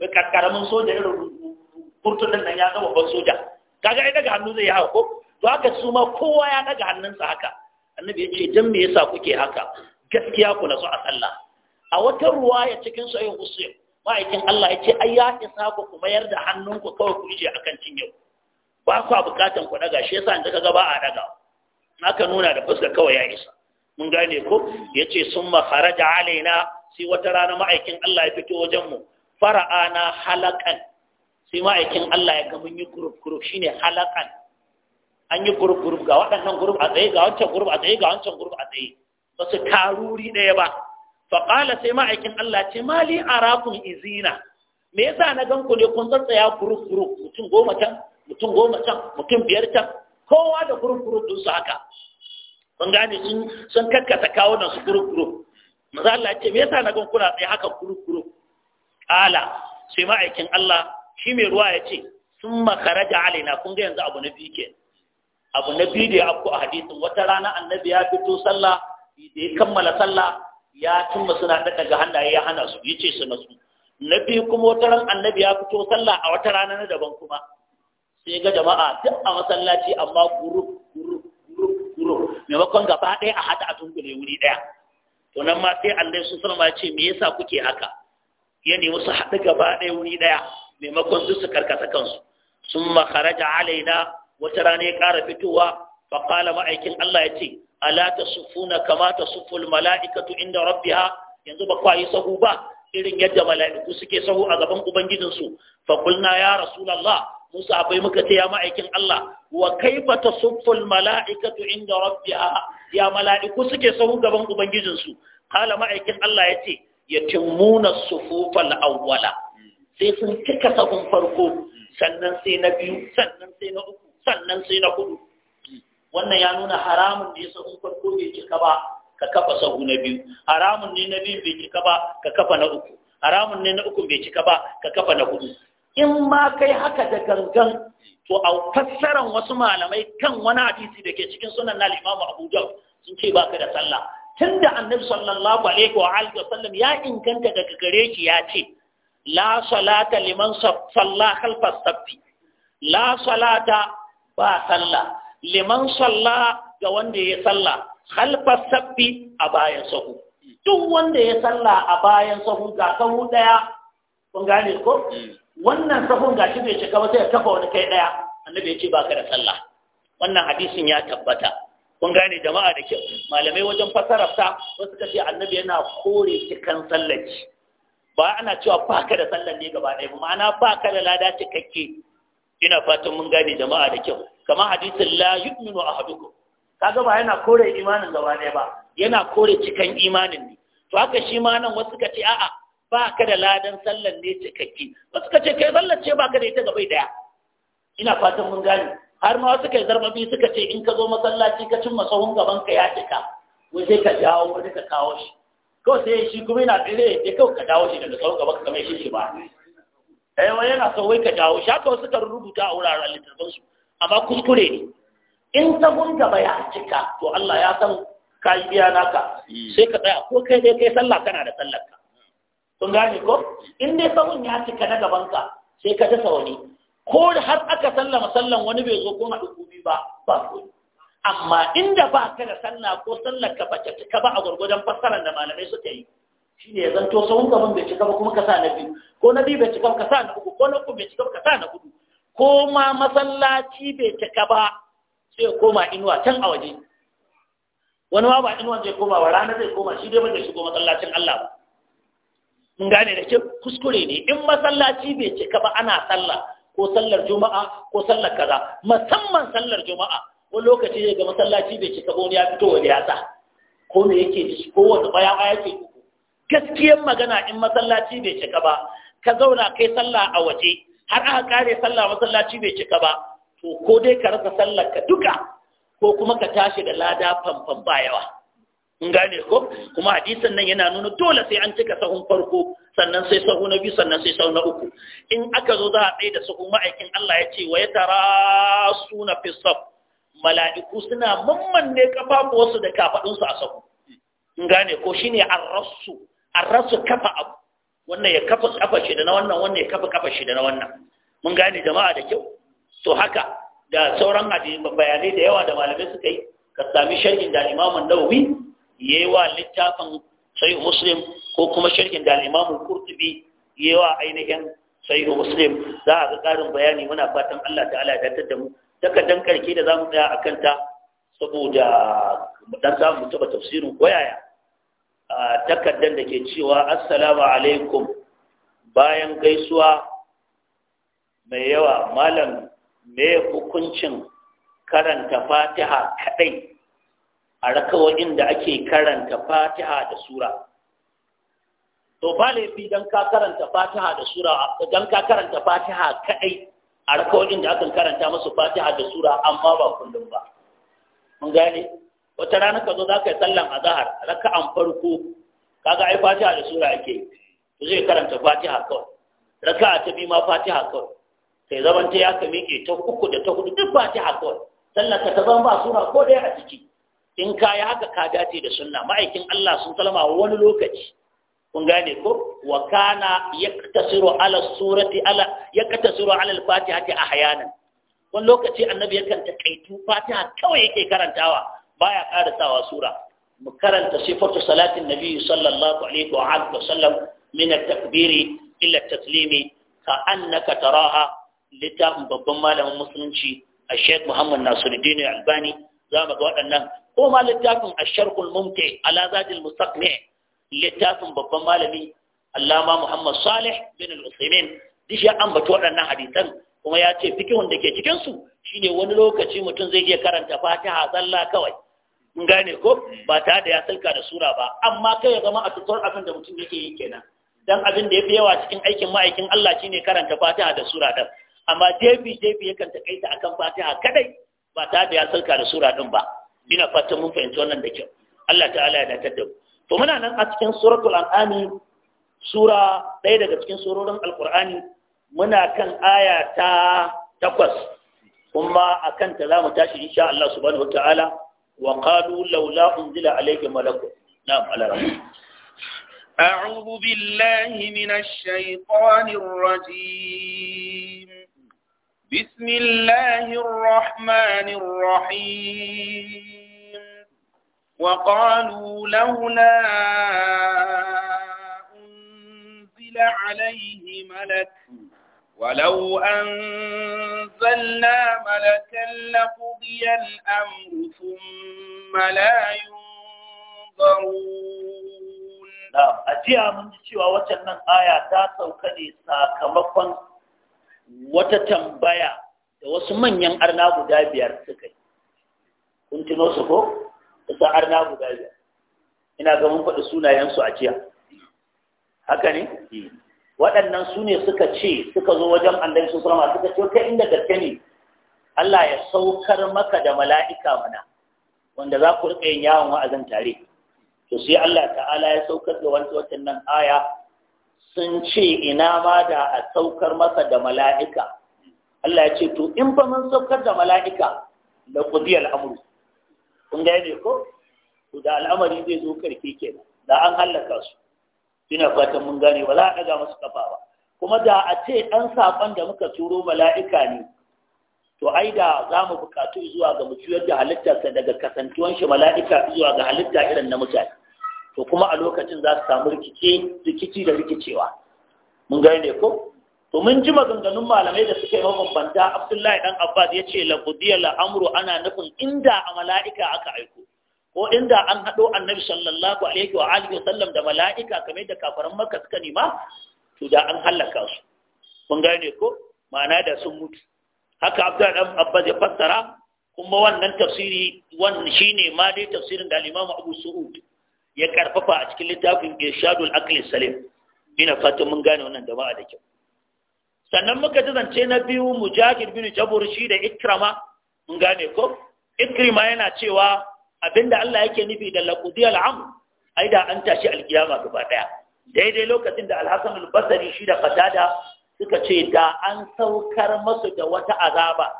eh, karamin soja irin kurtunan nan ya zama ban soja kaga ai daga hannu zai yi haka ko to haka su ma kowa ya daga hannunsa haka annabi ya ce don me yasa kuke haka gaskiya ku na nasu a sallah a wata ruwa ya cikin sahih usul ma'aikin Allah ya ce ai ya isa ku ku mayar da hannunku kawai ku ije akan cinye yau? ba ku bukatan ku daga shi yasa inda kaga ba a daga aka nuna da fuska kawai ya isa mun gane ko ce summa kharaja alaina sai wata rana ma'aikin Allah ya fito wajen mu fara'ana halakan sai ma'aikin Allah ya ga mun yi kuruf kuruf shine halakan an yi gurub gurub ga waɗannan gurub a tsaye ga wancan gurub a tsaye ga wancan gurub a tsaye ba su taruri ɗaya ba faƙala sai ma'aikin Allah ce mali arakun izina me yasa na gan ku ne kun tsaya gurub gurub mutum goma can mutum goma can mutum biyar can kowa da gurub gurub din su haka kun gane sun sun kakkasa kawunan su gurub gurub maza Allah ce me yasa na gan kuna tsaye haka gurub gurub ƙala sai ma'aikin Allah shi mai ruwa ya ce sun makaraja alaina kun ga yanzu abu na biyu kenan abu na biyu da ya afku a hadisin wata rana annabi ya fito sallah da ya kammala sallah ya cimma suna daga ga hannaye ya hana su yace su nasu na biyu kuma wata ran annabi ya fito sallah a wata rana na daban kuma sai ga jama'a duk a masallaci amma gurub guru gurub gurub maimakon gaba ɗaya a haɗa a tunkule wuri ɗaya to nan ma sai allai su sallama ya ce me yasa kuke haka ya nemi su haɗu gaba ɗaya wuri ɗaya maimakon duk su karkasa kansu sun makaraja alaina wata rana ya ƙara fitowa faƙala ma'aikin Allah ya ce ala ta sufuna kama ta suful mala'ikatu inda rabbiha yanzu ba yi sahu ba irin yadda mala'iku suke sahu a gaban ubangijinsu faƙulna ya rasulallah Musa bai muka ce ya ma'aikin Allah wa kaifa tasuffu mala'ikatu inda rabbiha ya mala'iku suke sahu gaban ubangijinsu. kala ma'aikin Allah yace yatimmuna sufufal awwala sai sun cika sahun farko sannan sai na biyu sannan sai na uku sannan sai na hudu wannan ya nuna haramun ne sahun farko bai cika ba ka kafa sahu na biyu haramun ne na biyu bai cika ba ka kafa na uku haramun ne na uku bai cika ba ka kafa na hudu in ma kai haka da gangan to a fassaran wasu malamai kan wani hadisi da ke cikin sunan na limamu abu sun ce baka da sallah tunda annabi sallallahu alaihi wa alihi wa sallam ya inganta daga gare shi ya ce la salata liman salla khalfa saffi la salata ba sallah liman sallah ga wanda ya sallah khalfa sabbi a bayan sahu duk wanda ya sallah a bayan sahu ga sahu daya kun gane ko hmm. wannan sahun ga shi bai cika ba sai ya kafa wani kai daya annabi ya ce baka da sallah wannan hadisin ya tabbata kun gane jama'a da kyau malamai wajen fasararta wasu kace annabi yana kore cikan sallaci ba ana cewa baka da sallan ne gaba ɗaya ma'ana baka da lada cikakke ina fatan mun gane jama'a da kyau kamar hadisin la yu'minu ahadukum kaga ba yana kore imanin gaba ɗaya ba yana kore cikan imanin ne to haka shi ma nan wasu ka ce a'a ba ka da ladan sallan ne cikakki wasu ka ce kai sallar ce ba ka da ita gaba daya ina fatan mun gane har ma wasu kai zarbabi suka ce in ka zo masallaci ka cin masahun gaban ka ya cika wai sai ka jawo wani ka kawo shi kawai sai shi kuma yana tsire ya kawai ka dawo shi daga sahun gaban ka kamar shi shi ba eh yana so wai ka shi haka wasu kan rubuta a wuraren littattafansu su amma kuskure ne in ta gunta ba ya cika to Allah ya san ka yi biya naka hmm. sai ka tsaya ko kai dai kai sallah kana da sallar ka kun gane ko in dai sahun ya cika na gaban ka sai ka ta wani ko da har aka sallama sallan wani bai zo ko haɗu gobe ba ba ko amma inda ba ka da sallah ko sallar ka ba ta cika ba a gwargwadon fassarar da malamai suka yi shine ya zanto sahun gaban bai cika ba kuma ka sa na biyu ko na biyu bai cika ba ka sa na uku ko na uku bai cika ba ka sa na hudu ko ma masallaci bai cika ba sai ya koma inuwa can a waje wani ma ba inuwa zai koma ba rana zai koma shi dai ba zai shigo masallacin Allah ba mun gane da ke kuskure ne in masallaci bai cika ba ana sallah ko sallar juma'a ko sallar kaza musamman sallar juma'a wani lokaci zai ga masallaci bai cika ba wani ya fito wani ya sa ko me yake da shi ko wani baya baya yake gaskiyar magana in masallaci bai cika ba ka zauna kai sallah a waje har aka kare sallah masallaci bai cika ba to ko dai ka rasa sallar ka duka ko kuma ka tashi da lada fanfan ba yawa in gane ko kuma hadisin nan yana nuna dole sai an cika sahun farko sannan sai sahu na biyu sannan sai sahu na uku in aka zo za a tsaye da sahun ma'aikin Allah ya ce wa ya tara suna fi mala'iku suna mamman ne kafafuwarsu da kafaɗunsu a sahu in gane ko shine arrasu a rasu kafa abu wannan ya kafa kafa shi da na wannan wannan ya kafa kafa shi da na wannan mun gane jama'a da kyau to haka da sauran bayanai da yawa da malamai suka yi ka sami sharhin da Imam nawawi yayi wa littafin sai muslim ko kuma sharhin da Imam qurtubi yayi wa ainihin sai muslim za a ga karin bayani muna fatan Allah ta'ala ya dantar da mu dan karke da zamu tsaya akan ta saboda dan samu taba tafsirin koyaya takardar da ke cewa assalamu alaikum bayan gaisuwa mai yawa malam me hukuncin karanta fatiha kadai a rakawoyin da ake karanta fatiha da sura to ba laifi don ka karanta fatiha da sura don ka karanta fatiha kadai a rakawoyin da akan karanta masu fatiha da sura amma ba kullum ba mun gane wata rana ka zo za ka yi sallan Raka an farko kaga ai fatiha da sura ake to zai karanta fatiha kawai raka'a ta bi ma fatiha kawai sai zaman ta ya ke ta uku da ta hudu duk fatiha kawai sallar ka ta zama ba sura ko ɗaya a ciki in ka yi haka ka dace da sunna ma'aikin Allah sun kalma wani lokaci kun gane ko wa kana yaktasiru ala surati ala yaktasiru ala al-fatihati ahyanan wani lokaci annabi yakan takaitu fatiha kawai yake karantawa baya sawa sura mu karanta sifatu salatin nabi sallallahu alaihi wa alihi wasallam min at-takbiri ila taslimi ka annaka taraha littafin babban malamin musulunci a Sheikh Muhammad Nasiruddin Albani za mu ga waɗannan Koma littafin Asharhul Mumti ala Zadil Mustaqni littafin babban malami Allama Muhammad Salih bin Al-Uthaymeen duk ya waɗannan hadisan kuma ya ce fikihun da ke cikin su shine wani lokaci mutum zai iya karanta Fatiha zalla kawai gane ko ba ta da ya salka da sura ba amma kai ya zama a tutar abin da mutum yake yi kenan dan abin da ya fi yawa cikin aikin ma'aikin Allah shine karanta Fatiha da sura din amma jefi jefi yakan takaita akan Fatiha kadai ba ta da ya salka da sura din ba ina fatan mun fahimci wannan da kyau Allah ta'ala ya dace da to muna nan a cikin suratul an'am sura ɗaya daga cikin surorin alqur'ani muna kan aya ta takwas kuma akan ta za mu tashi insha Allah subhanahu wa ta'ala وقالوا لولا أنزل عليك ملك نعم على رأيك أعوذ بالله من الشيطان الرجيم بسم الله الرحمن الرحيم وقالوا لولا أنزل عليه ملك ولو أنزلنا ملكا لقضي الأمر ثم لا ينظرون نعم أجيها من جسيوة وتنن آية تاسا وكني وتتم بيا وسمن ين أرناب دابير سكي كنت نوصفه تسا أرناب دابير ina ga mun faɗi sunayensu a jiya haka ne waɗannan su ne suka ce suka zo wajen annabi su sama suka ce kai inda gaske ne Allah ya saukar maka da mala'ika mana wanda za ku riƙa yin yawon wa'azin tare to sai Allah ta'ala ya saukar da wani nan aya sun ce ina ma da a saukar masa da mala'ika Allah ya ce to in fa mun saukar da mala'ika da kudi al'amuru kun ga ne ko to da al'amari zai zo karfi kenan da an halaka su ina fatan mun gane ba za a ɗaga musu kafa ba kuma da a ce ɗan saƙon da muka turo mala'ika ne to ai da za mu buƙatu zuwa ga mu juyar da halittarsa daga kasantuwan shi mala'ika zuwa ga halitta irin na mutane to kuma a lokacin za su samu rikici rikici da rikicewa mun gane ko to mun ji maganganun malamai da suke yi mabambanta abdullahi dan abbas ya ce la qudiya la amru ana nufin inda a mala'ika aka aiko ko inda an haɗo annabi sallallahu alaihi wa alihi wasallam da mala'ika kamar da kafaran makka suka nima to da an halaka su mun gane ko ma'ana da sun mutu haka abdul dan abbas ya fassara kuma wannan tafsiri wannan shine ma dai tafsirin da al imamu abu su'ud ya karfafa a cikin littafin irshadul aqli salim ina fatan mun gane wannan jama'a da kyau sannan muka ji zance na biyu mujahid bin jabur shi da ikrama mun gane ko ikrima yana cewa abinda Allah yake nufi da laqudiya al'am ai da an tashi alkiyama gaba daya daidai lokacin da al-Hasan al-Basri shi da Qatada suka ce da an saukar masa da wata azaba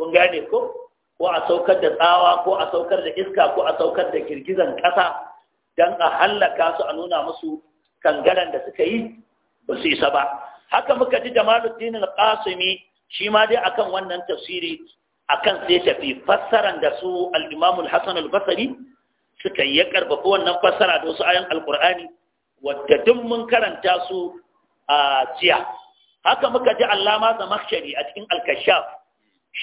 kun gane ko ko a saukar da tsawa ko a saukar da iska ko a saukar da girgizan kasa dan a halaka su a nuna musu kangaran da suka yi ba su isa ba haka muka ji Jamaluddin al-Qasimi shi ma dai akan wannan tafsiri akan sai tafi fassaran da su al-Imam al-Hasan al-Basri suka yi karbafa wannan fassara da wasu ayan al-Qur'ani wadda duk mun karanta su a jiya haka muka ji Allama Zamakhshari a cikin al-Kashaf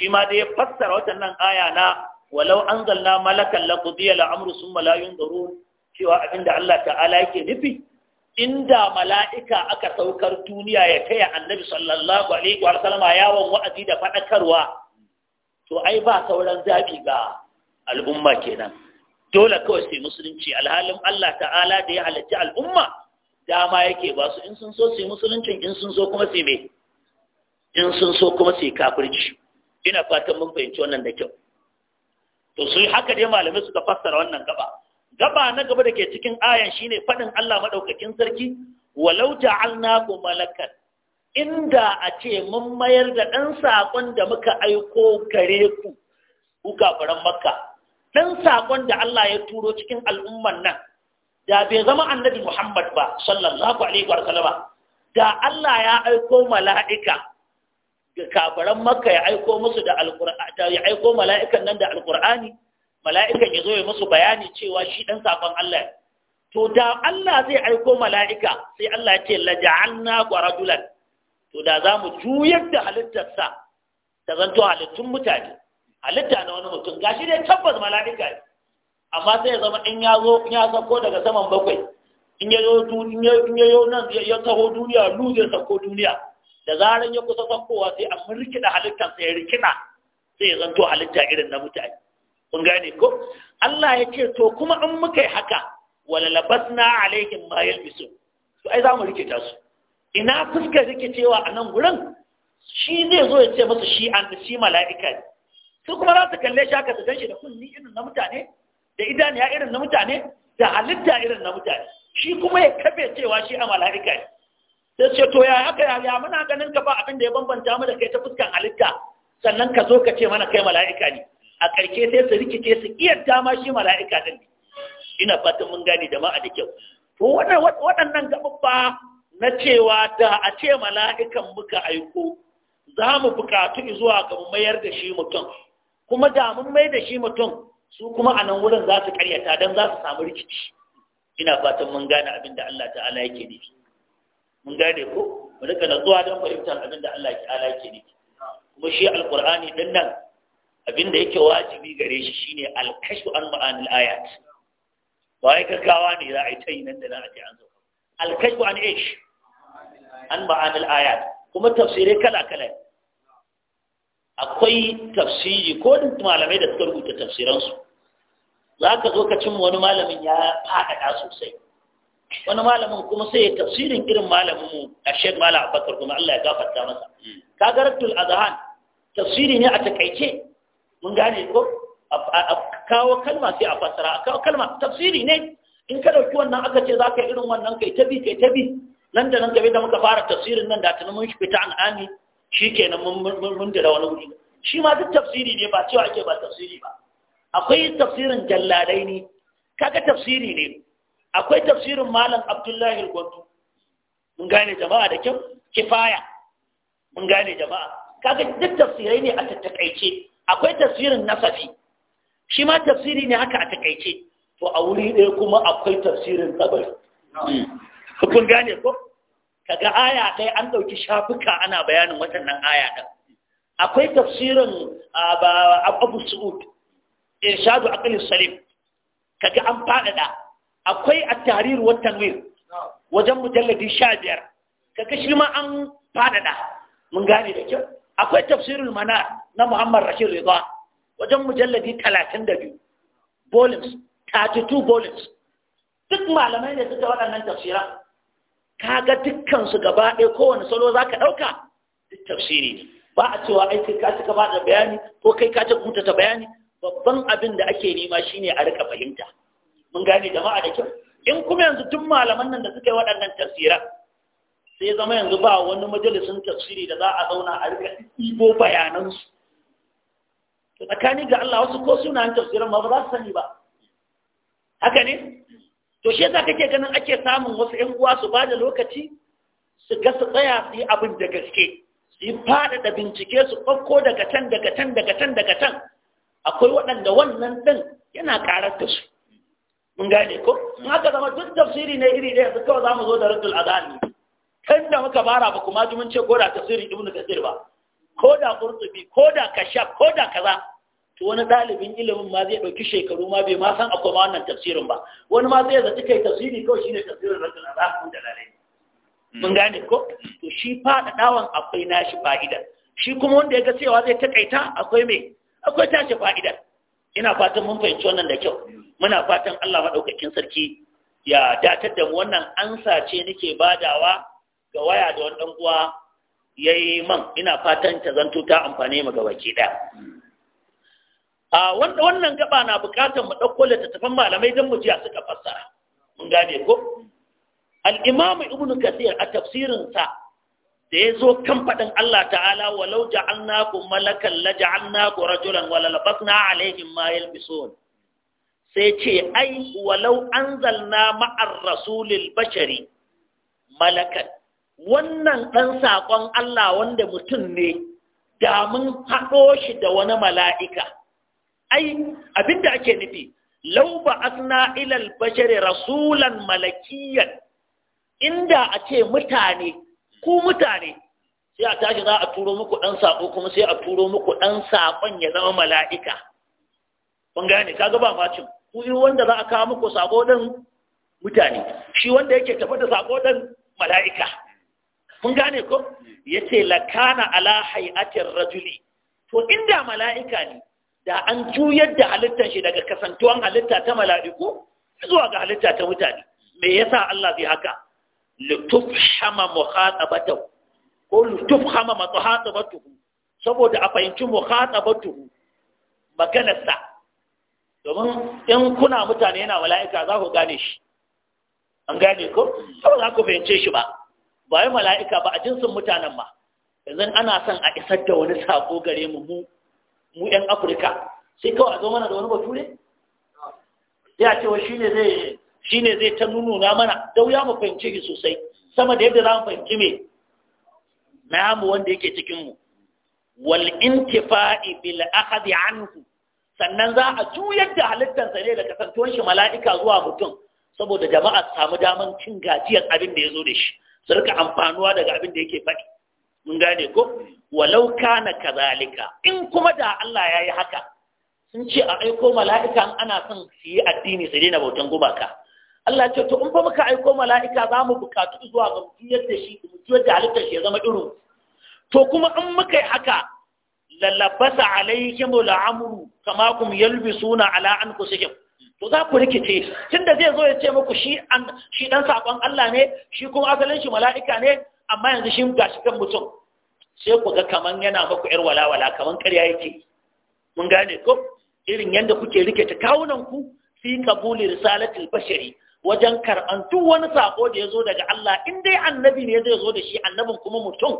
shi ma da ya fassara watannan aya na walau anzalna malakan laqudiya al-amru thumma la yunzarun cewa abinda Allah ta'ala yake nufi inda mala'ika aka saukar duniya ya taya annabi sallallahu alaihi wa sallama yawon wa'azi da faɗakarwa to ai ba sauran zafi ga al'umma kenan dole kawai sai musulunci alhalin Allah ta'ala da ya halitta al'umma dama yake ba su in sun so su musuluncin in sun so kuma su me in sun so kuma su kafirci ina fatan mun fahimci wannan da kyau to su haka dai malamai suka fassara wannan gaba gaba na gaba da ke cikin ayan shine faɗin Allah madaukakin sarki walau ja'alnakum malakan inda a ce mun mayar da ɗan saƙon da muka aiko gare ku ku kafiran makka ɗan saƙon da Allah ya turo cikin al'umman nan da bai zama annabi Muhammad ba sallallahu alaihi wa sallama da Allah ya aiko mala'ika ga kafiran makka ya aiko musu da alqur'ani ya aiko mala'ikan nan da alqur'ani mala'ikan ya zo ya musu bayani cewa shi ɗan saƙon Allah to da Allah zai aiko mala'ika sai Allah ya ce laja'alna qaradulan to da za mu juyar da halittarsa ta zanto halittun mutane halitta na wani mutum ga shi dai tabbas mala'ika ne amma sai ya zama in ya zo in ya sako daga saman bakwai in ya yo in ya yo nan ya taho duniya lu zai sako duniya da zaran ya kusa sakowa sai an rikida halittar ya rikina, sai ya zanto halitta irin na mutane kun gane ko Allah ya ce to kuma in muka yi haka wala labasna alaihim ma yalbisu to ai za mu rikita su ina fuskar rikicewa a nan gurin shi zai zo ya ce masa shi an shi mala'ika ne su kuma za su kalle shi haka su gan shi da kunni irin na mutane da idaniya irin na mutane da halitta irin na mutane shi kuma ya kafe cewa shi a mala'ika ne sai ce to ya haka ya ya muna ganin ka ba abin da ya bambanta mu da kai ta fuskan halitta sannan ka zo ka ce mana kai mala'ika ne a ƙarshe sai su rikice su iya dama shi mala'ika din ina fatan mun gane jama'a da kyau to waɗannan gaɓaɓɓa na cewa da a ce mala'ikan muka aiko za mu bukatu zuwa ga mayar da shi mutum kuma da mun mai da shi mutum su kuma a nan wurin za su karyata don za su samu rikici ina fatan mun gane abin da Allah ta'ala yake nufi mun gane ko mu rika zuwa don fahimtar abin da Allah ta'ala yake nufi kuma shi alqur'ani din nan abin da yake wajibi gare shi shine alkashu an ma'anil ayat ya karkawa ne za a yi ta yi nan da za a ce an zo alkashu an ish an ma'anil ayat kuma tafsirai kala-kala akwai tafsiri ko malamai da suka rubuta tafsiransu za ka zo ka cin wani malamin ya faɗaɗa sosai wani malamin kuma sai tafsirin irin malaminmu a shek mala abakar kuma Allah ya gafarta masa hmm. Ka ga kagaratul azhan tafsiri ne a takaice mun gane ko a kawo kalma sai a fassara a kawo kalma tafsiri ne in ka dauki wannan aka ce za ka irin wannan kai tabi kai tabi nan da nan gabe da muka fara tafsirin nan da tana mun fita an ami shikenan mun mun dira wani wuri shi ma duk tafsiri ne ba cewa ake ba tafsiri ba akwai tafsirin jalladai ne kaga tafsiri ne akwai tafsirin malam abdullahi al-gwandu mun gane jama'a da kyau kifaya mun gane jama'a kaga duk tafsirai ne a tattakaice akwai tafsirin nasafi shi ma tafsiri ne haka a takaice to a wuri ɗaya kuma akwai tafsirin tsabari kun gane ko kaga aya ɗaya an ɗauki shafuka ana bayanin waɗannan aya ɗin akwai tafsirin abu su'ud irshadu aqli salim kaga an faɗaɗa akwai at-tahrir wa tanwir wajen mujalladi 15 kaga shi ma an faɗaɗa mun gane da kyau akwai tafsirul manar na Muhammad Rashid Ridwan wajen mujalladi 32 volumes 32 volumes duk malamai ne suka waɗannan tafsiran Ka kaga dukkansu gaba ɗaya kowane salo za ka ɗauka duk tafsiri ne ba a cewa ai kai ka ci gaba da bayani ko kai ka ci kuta ta bayani babban abin da ake nema shine a rika fahimta mun gane jama'a da kyau in kuma yanzu tun malaman nan da suka yi waɗannan tafsiran sai zama yanzu ba wani majalisun tafsiri da za a zauna a rika ibo bayanansu to tsakani ga Allah wasu ko sunayen tafsiran ma ba za su sani ba haka ne to shi yasa kake ganin ake samun wasu ƴan uwa su bada lokaci su ga su tsaya su yi abin da gaske su yi fada da bincike su farko daga can daga can daga can daga can akwai waɗanda wannan ɗin yana ƙarar da su mun gane ko in haka zama duk tafsiri na iri ɗaya su kawai za mu zo da raddul azali. kan da muka fara ba kuma ji mun ce ko da tafsiri ibnu kasir ba ko da qurtubi ko da kashaf ko da kaza to wani ɗalibin ilimin ma zai ɗauki shekaru ma bai ma san akwai ma wannan tafsirin ba wani ma zai zaci kai tafsiri kawai shine tafsirin rajul azab da lalai mun gane ko to shi faɗaɗawan akwai nashi fa'ida shi kuma wanda ya ga cewa zai takaita akwai me akwai tashi fa'idar ina fatan mun fahimci wannan da kyau muna fatan Allah madaukakin sarki ya datar da mu wannan ansa ce nake badawa ga waya da wani uwa yayi man ina fatan ta zanto ta amfane mu ga baki ɗaya a wannan gaba na bukatar mu ɗauko littattafan malamai don mu ji a suka fassara mun gane ko al-imam ibnu kathir a tafsirin sa da ya zo kan faɗin Allah ta'ala walau ja'alnakum malakan la ja'alnakum rajulan wa lalbasna alaihim ma yalbisun sai ce ai walau anzalna ma'ar rasulil bashari malakan wannan dan saƙon Allah wanda mutum ne da mun haɗo shi da wani mala'ika ai abinda ake nufi lau ba asna ilal bashari rasulan malakiyan inda a ce mutane ku mutane sai a tashi za a turo muku ɗan saƙo kuma sai a turo muku ɗan saƙon ya zama mala'ika kun gane kaga ba macin ku yi wanda za a kawo muku saƙo ɗin mutane shi wanda yake tafi da saƙo ɗin mala'ika kun gane ko yace lakana ala hay'atir rajuli to inda mala'ika ne da an juyar da halittar shi daga kasantuwan halitta ta mala'iku zuwa ga halitta ta mutane me yasa Allah bai haka Lutuf hama mukhatabatu ko lutuf hama mukhatabatu saboda a fahimci mukhatabatu maganarsa domin in kuna mutane yana mala'ika za ku gane shi an gane ko ba za ku fahimce shi ba ba yi mala'ika ba a jinsin mutanen ma yanzu ana son a isar da wani sako gare mu mu mu yan afirka sai kawai a zo mana da wani ne? sai a cewa shine zai ne zai ta nuna mana dau ya mu fahimci shi sosai sama da yadda za mu fahimci me namu wanda yake cikin mu wal intifa'i bil akhdi anhu sannan za a juyar da sa ne da kasantuwar shi mala'ika zuwa mutum saboda jama'a samu daman cin gajiyar abin da ya zo da shi su rika amfanuwa daga abin da yake faɗi mun gane ko walau kana kazalika in kuma da Allah ya yi haka sun ce a aiko mala'ika ana son su yi addini su daina bautan gumaka Allah ce to in fa muka aiko mala'ika za mu bukatu zuwa ga mutuyar da shi mutuyar da halittar shi ya zama irin to kuma in muka yi haka lallabasa alaihim la'amuru kama kum yalbisuna ala anfusihim to za ku rikice tunda zai zo ya ce muku shi an shi dan sakon Allah ne shi kuma asalin shi mala'ika ne amma yanzu shi shi kan mutum sai ku ga kaman yana maku yar walawala kaman ƙarya yake mun gane ko irin yadda kuke rike ta kawunan ku fi kabuli risalatul bashari wajen karɓan duk wani sako da ya zo daga Allah in dai annabi ne zai zo da shi annabin kuma mutum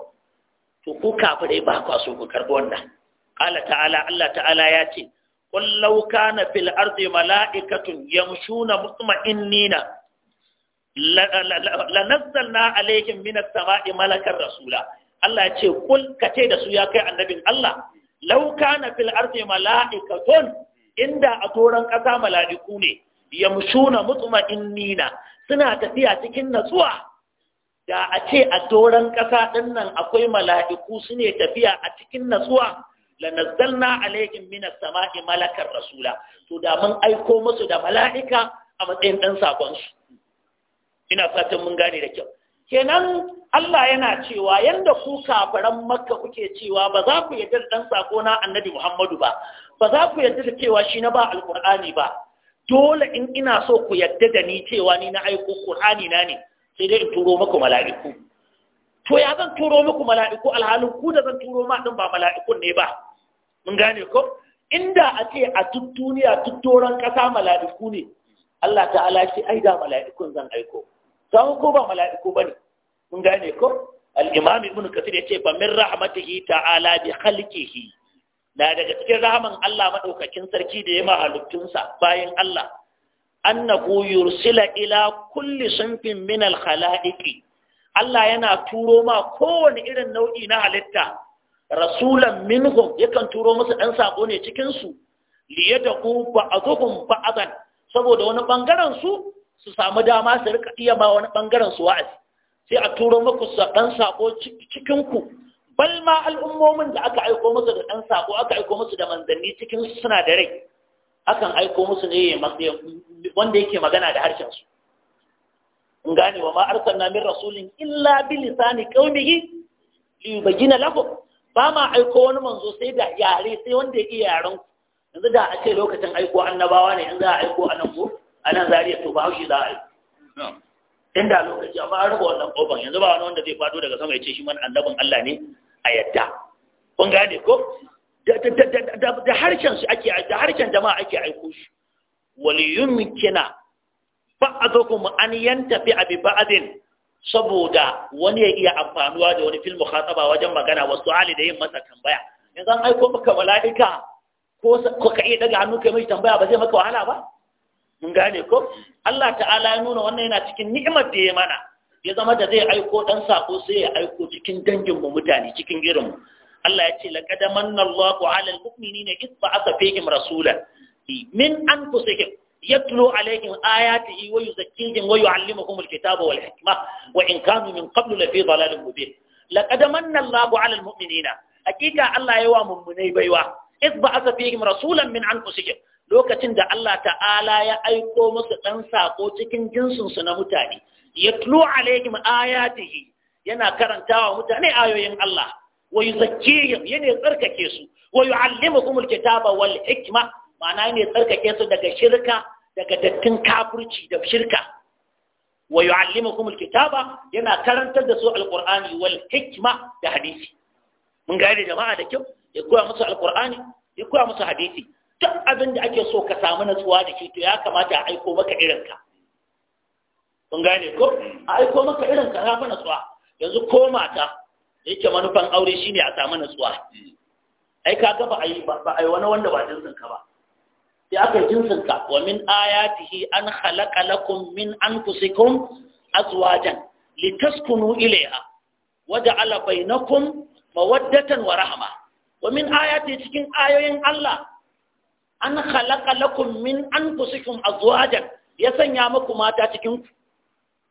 to ku kafirai ba kwa so ku karɓi wannan qala ta'ala Allah ta'ala ya ce qul law kana fil ardi mala'ikatun yamshuna mutma'innina lanazzalna alaihim as sama'i malakan rasula Allah ya ce kul kace da su ya kai annabin Allah law kana fil ardi mala'ikatun inda a toran kasa mala'iku ne yamshuna mutma'innina suna tafiya cikin natsuwa da a ce a toran kasa din nan akwai mala'iku sune tafiya a cikin natsuwa lanazzalna alaihim mina sama'i malakar rasula to da mun aiko musu da mala'ika a matsayin ɗan sakon su ina fatan mun gane da kyau kenan Allah yana cewa yanda ku kafaran makka kuke cewa ba za ku yarda da dan sako na annabi Muhammadu ba ba za ku yarda da cewa shi na ba alqur'ani ba dole in ina so ku yarda da ni cewa ni na aiko qur'ani na ne sai dai in turo muku mala'iku to ya zan turo muku mala'iku alhalin ku da zan turo ma din ba mala'ikun ne ba mun gane ko inda a ce a duk duniya duk doron mala'iku ne Allah ta'ala shi ai mala'ikun zan aiko to ko ba mala'iku bane mun gane ko al-imam ibn kathir yace ba min rahmatihi ta'ala bi khalqihi na daga cikin rahman Allah madaukakin sarki da ya mahaluktunsa bayan Allah annahu yursila ila kulli sunfin min al-khalaiqi Allah yana turo ma kowane irin nau'i na halitta rasulan minhum yakan turo musu dan sako ne cikin su liyadqu ba'dhum ba'dan saboda wani bangaren su su samu dama su rika iya ma wani bangaren su wa'azi sai a turo muku dan sako cikin ku bal ma al'ummomin da aka aiko musu da dan sako aka aiko musu da manzanni cikin su suna da rai akan aiko musu ne wanda yake magana da harshen su in gane wa ma arsalna min rasulin illa bi lisani qaumihi yubayyana lahum ba ma aiko wani manzo sai da yare sai wanda yake yaran yanzu da a ce lokacin aiko annabawa ne in za a aiko a a za zariya to ba haushi za a yi tun da lokaci amma an raba wannan kofar yanzu ba wani wanda zai fado daga sama ya ce shi mana annabin Allah ne a yadda kun gane ko da harshen su ake da harshen jama'a ake aiko shi wali yumkina ba'dukum an yantafi bi ba'din saboda wani ya iya amfanuwa da wani fil Khatsaba wajen magana wasu ali da yin masa tambaya in zan aiko maka mala'ika ko ka iya daga hannu kai mai tambaya ba zai maka wahala ba mun gane ko Allah ta'ala ya nuna wannan yana cikin ni'imar da ya mana ya zama da zai aiko dan sako sai ya aiko cikin dangin mu mutane cikin irin mu Allah ya ce laqad manna Allahu 'alal mu'minina idh ba'atha fihim rasulan min anfusihim يتلو عليهم آياته ويزكيهم ويعلمهم الكتاب والحكمة وإن كانوا من قبل لفي ضلال مبين لقد من الله على المؤمنين حقيقة الله يوا من بيوا إذ بعث فيهم رسولا من أنفسهم lokacin da Allah ta'ala ya aiko musu ɗan saƙo cikin jinsinsu na mutane, ya tlo alaihim ayatihi yana wa mutane ayoyin Allah, wa yi zakiyim yana tsarkake su, wa yi allima kuma kitaba wal hikma, ma'ana yana tsarkake su daga shirka, daga dattin kafurci da shirka. Wa yi allima kuma kitaba yana karantar da su alƙur'ani wal hikma da hadisi. Mun gane jama'a da kyau, ya koya musu alƙur'ani, ya koya musu hadisi. duk abin da ake so ka samu natsuwa da shi to ya kamata a aiko maka irinka kun gane ko a aiko maka irinka ya fi natsuwa yanzu ko mata yake manufan aure shine a samu natsuwa ai ka ga a yi ba a yi wani wanda ba jinsin ka ba sai aka yi jinsin ka wa min ayatihi an khalaqa lakum min anfusikum azwajan litaskunu ilayha na kun mawaddatan wa rahama. wa min ayati cikin ayoyin Allah an halaka lakum min kusikum azwajan ya sanya muku mata cikin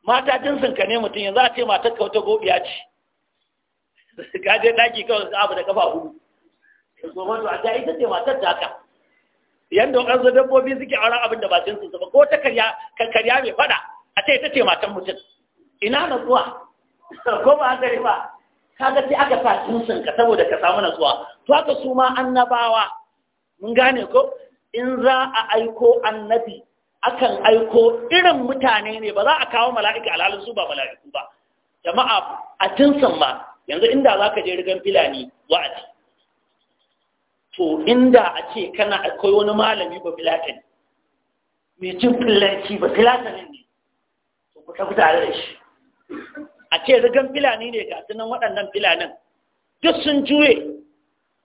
mata jinsin ka ne mutum yanzu a ce matar ka wata gobiya ce *laughs* ka je daki kawai abu da kafa hudu gobe to a ta ita ce matar ta ka yanda wakansu dabbobi suke auren abin da ba jinsin su ba ko ta karya karya mai fada a ce ita ce matan mutum ina zuwa *laughs* ko ba gari ba kaga sai aka sa jinsin ka saboda ka samu zuwa. to haka su ma annabawa mun gane ko in za a aiko annabi akan aiko irin mutane ne ba za a kawo mala'ika alhalin su ba mala'iku ba jama'a a tinsan ba yanzu inda za ka je rigan filani wa'azi to inda a ce kana akwai wani malami ba filatan mai cin filanci ba Filatan ne to ku tafi tare da shi a ce rigan filani ne ga sunan waɗannan filanin duk sun juye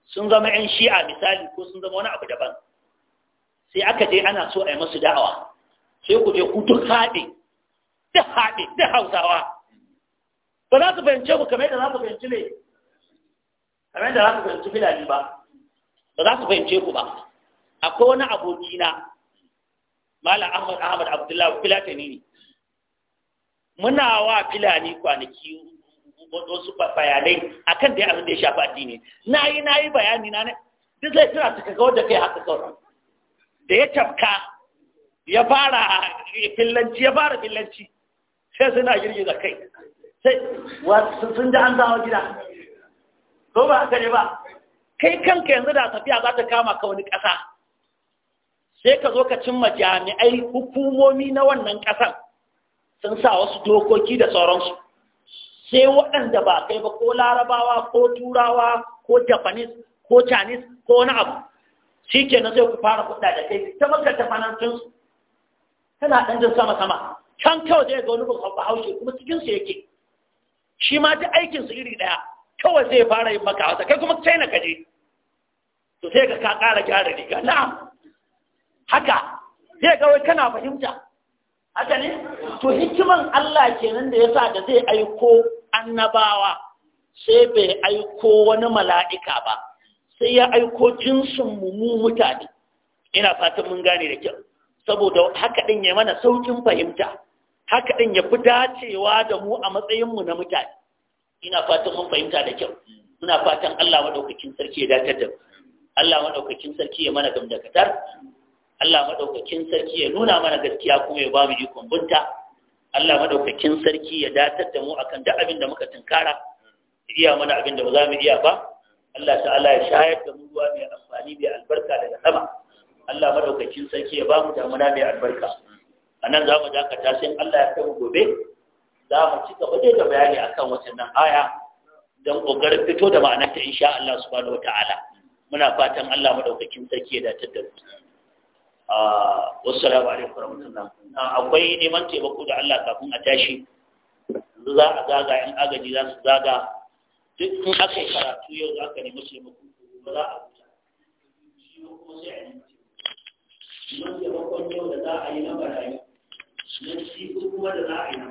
sun zama 'yan shi'a misali ko sun zama wani abu daban sai aka je ana so a yi masu da'awa sai ku je ku duk haɗe duk haɗe duk hausawa ba za su fahimce ku kamar yadda za su fahimci ne kamar yadda za su fahimci filani ba ba za su fahimce ku ba akwai wani aboki na. malam ahmad ahmad abdullahi filatani ne muna wa filani kwanaki wasu bayanai a kan da ya abin da ya shafi addini na yi na yi bayani na ne duk zai tura su kaga da kai haka kawai da ya tafka ya fara fillanci ya fara fillanci sai suna girgiza kai sai sun ji an dawo gida ko ba haka ne ba kai kanka yanzu da tafiya za ta kama ka wani ƙasa sai ka zo ka cimma jami'ai hukumomi na wannan ƙasan sun sa wasu dokoki da sauransu sai waɗanda ba kai ba ko larabawa ko turawa ko japanese ko chinese ko wani abu shi ke na sai ku fara kuɗa da kai ta maka tafanancinsu tana ɗan jin sama-sama can kawai zai ga wani bahaushe kuma cikinsu yake shi ma ta aikinsu iri ɗaya kawai zai fara yin maka hausa kai kuma sai na kaje to sai ka ƙara gyara riga na'am haka zai ga wai kana fahimta haka ne to hikiman Allah kenan da yasa da zai aiko annabawa sai bai aiko wani mala'ika ba sai ya aiko jinsin mu mutane ina fatan mun gane da kyau saboda haka din ya mana saukin fahimta haka din ya fi dacewa da mu a matsayinmu na mutane ina fatan mun fahimta da kyau muna fatan Allah maɗaukakin sarki ya dakatar da Allah maɗaukakin sarki ya mana gamdakatar Allah maɗaukakin sarki ya nuna mana gaskiya kuma ya ba mu ikon bunta Allah madaukakin sarki ya datar da mu akan duk abin da muka tunkara iya mana abin da ba za mu iya ba Allah ta'ala ya shayar da mu ruwa mai amfani mai albarka daga sama Allah madaukakin sarki ya ba mu damuna mai albarka a nan za mu dakata sai Allah ya kai gobe za mu ci gaba da bayani akan wannan aya don kokarin fito da ma'anarta insha Allah subhanahu wataala muna fatan Allah madaukakin sarki ya datar da mu Ah, wassalamu alaikum warahmatullah ah, akwai neman taimako da Allah kafin a tashi yanzu za a zaga yan agaji za su zaga duk in aka yi karatu yau za ka nemi taimako za a huta shi kuma sai a nemi taimako taimakon yau da za a yi na barayi na ci kuma da za a yi na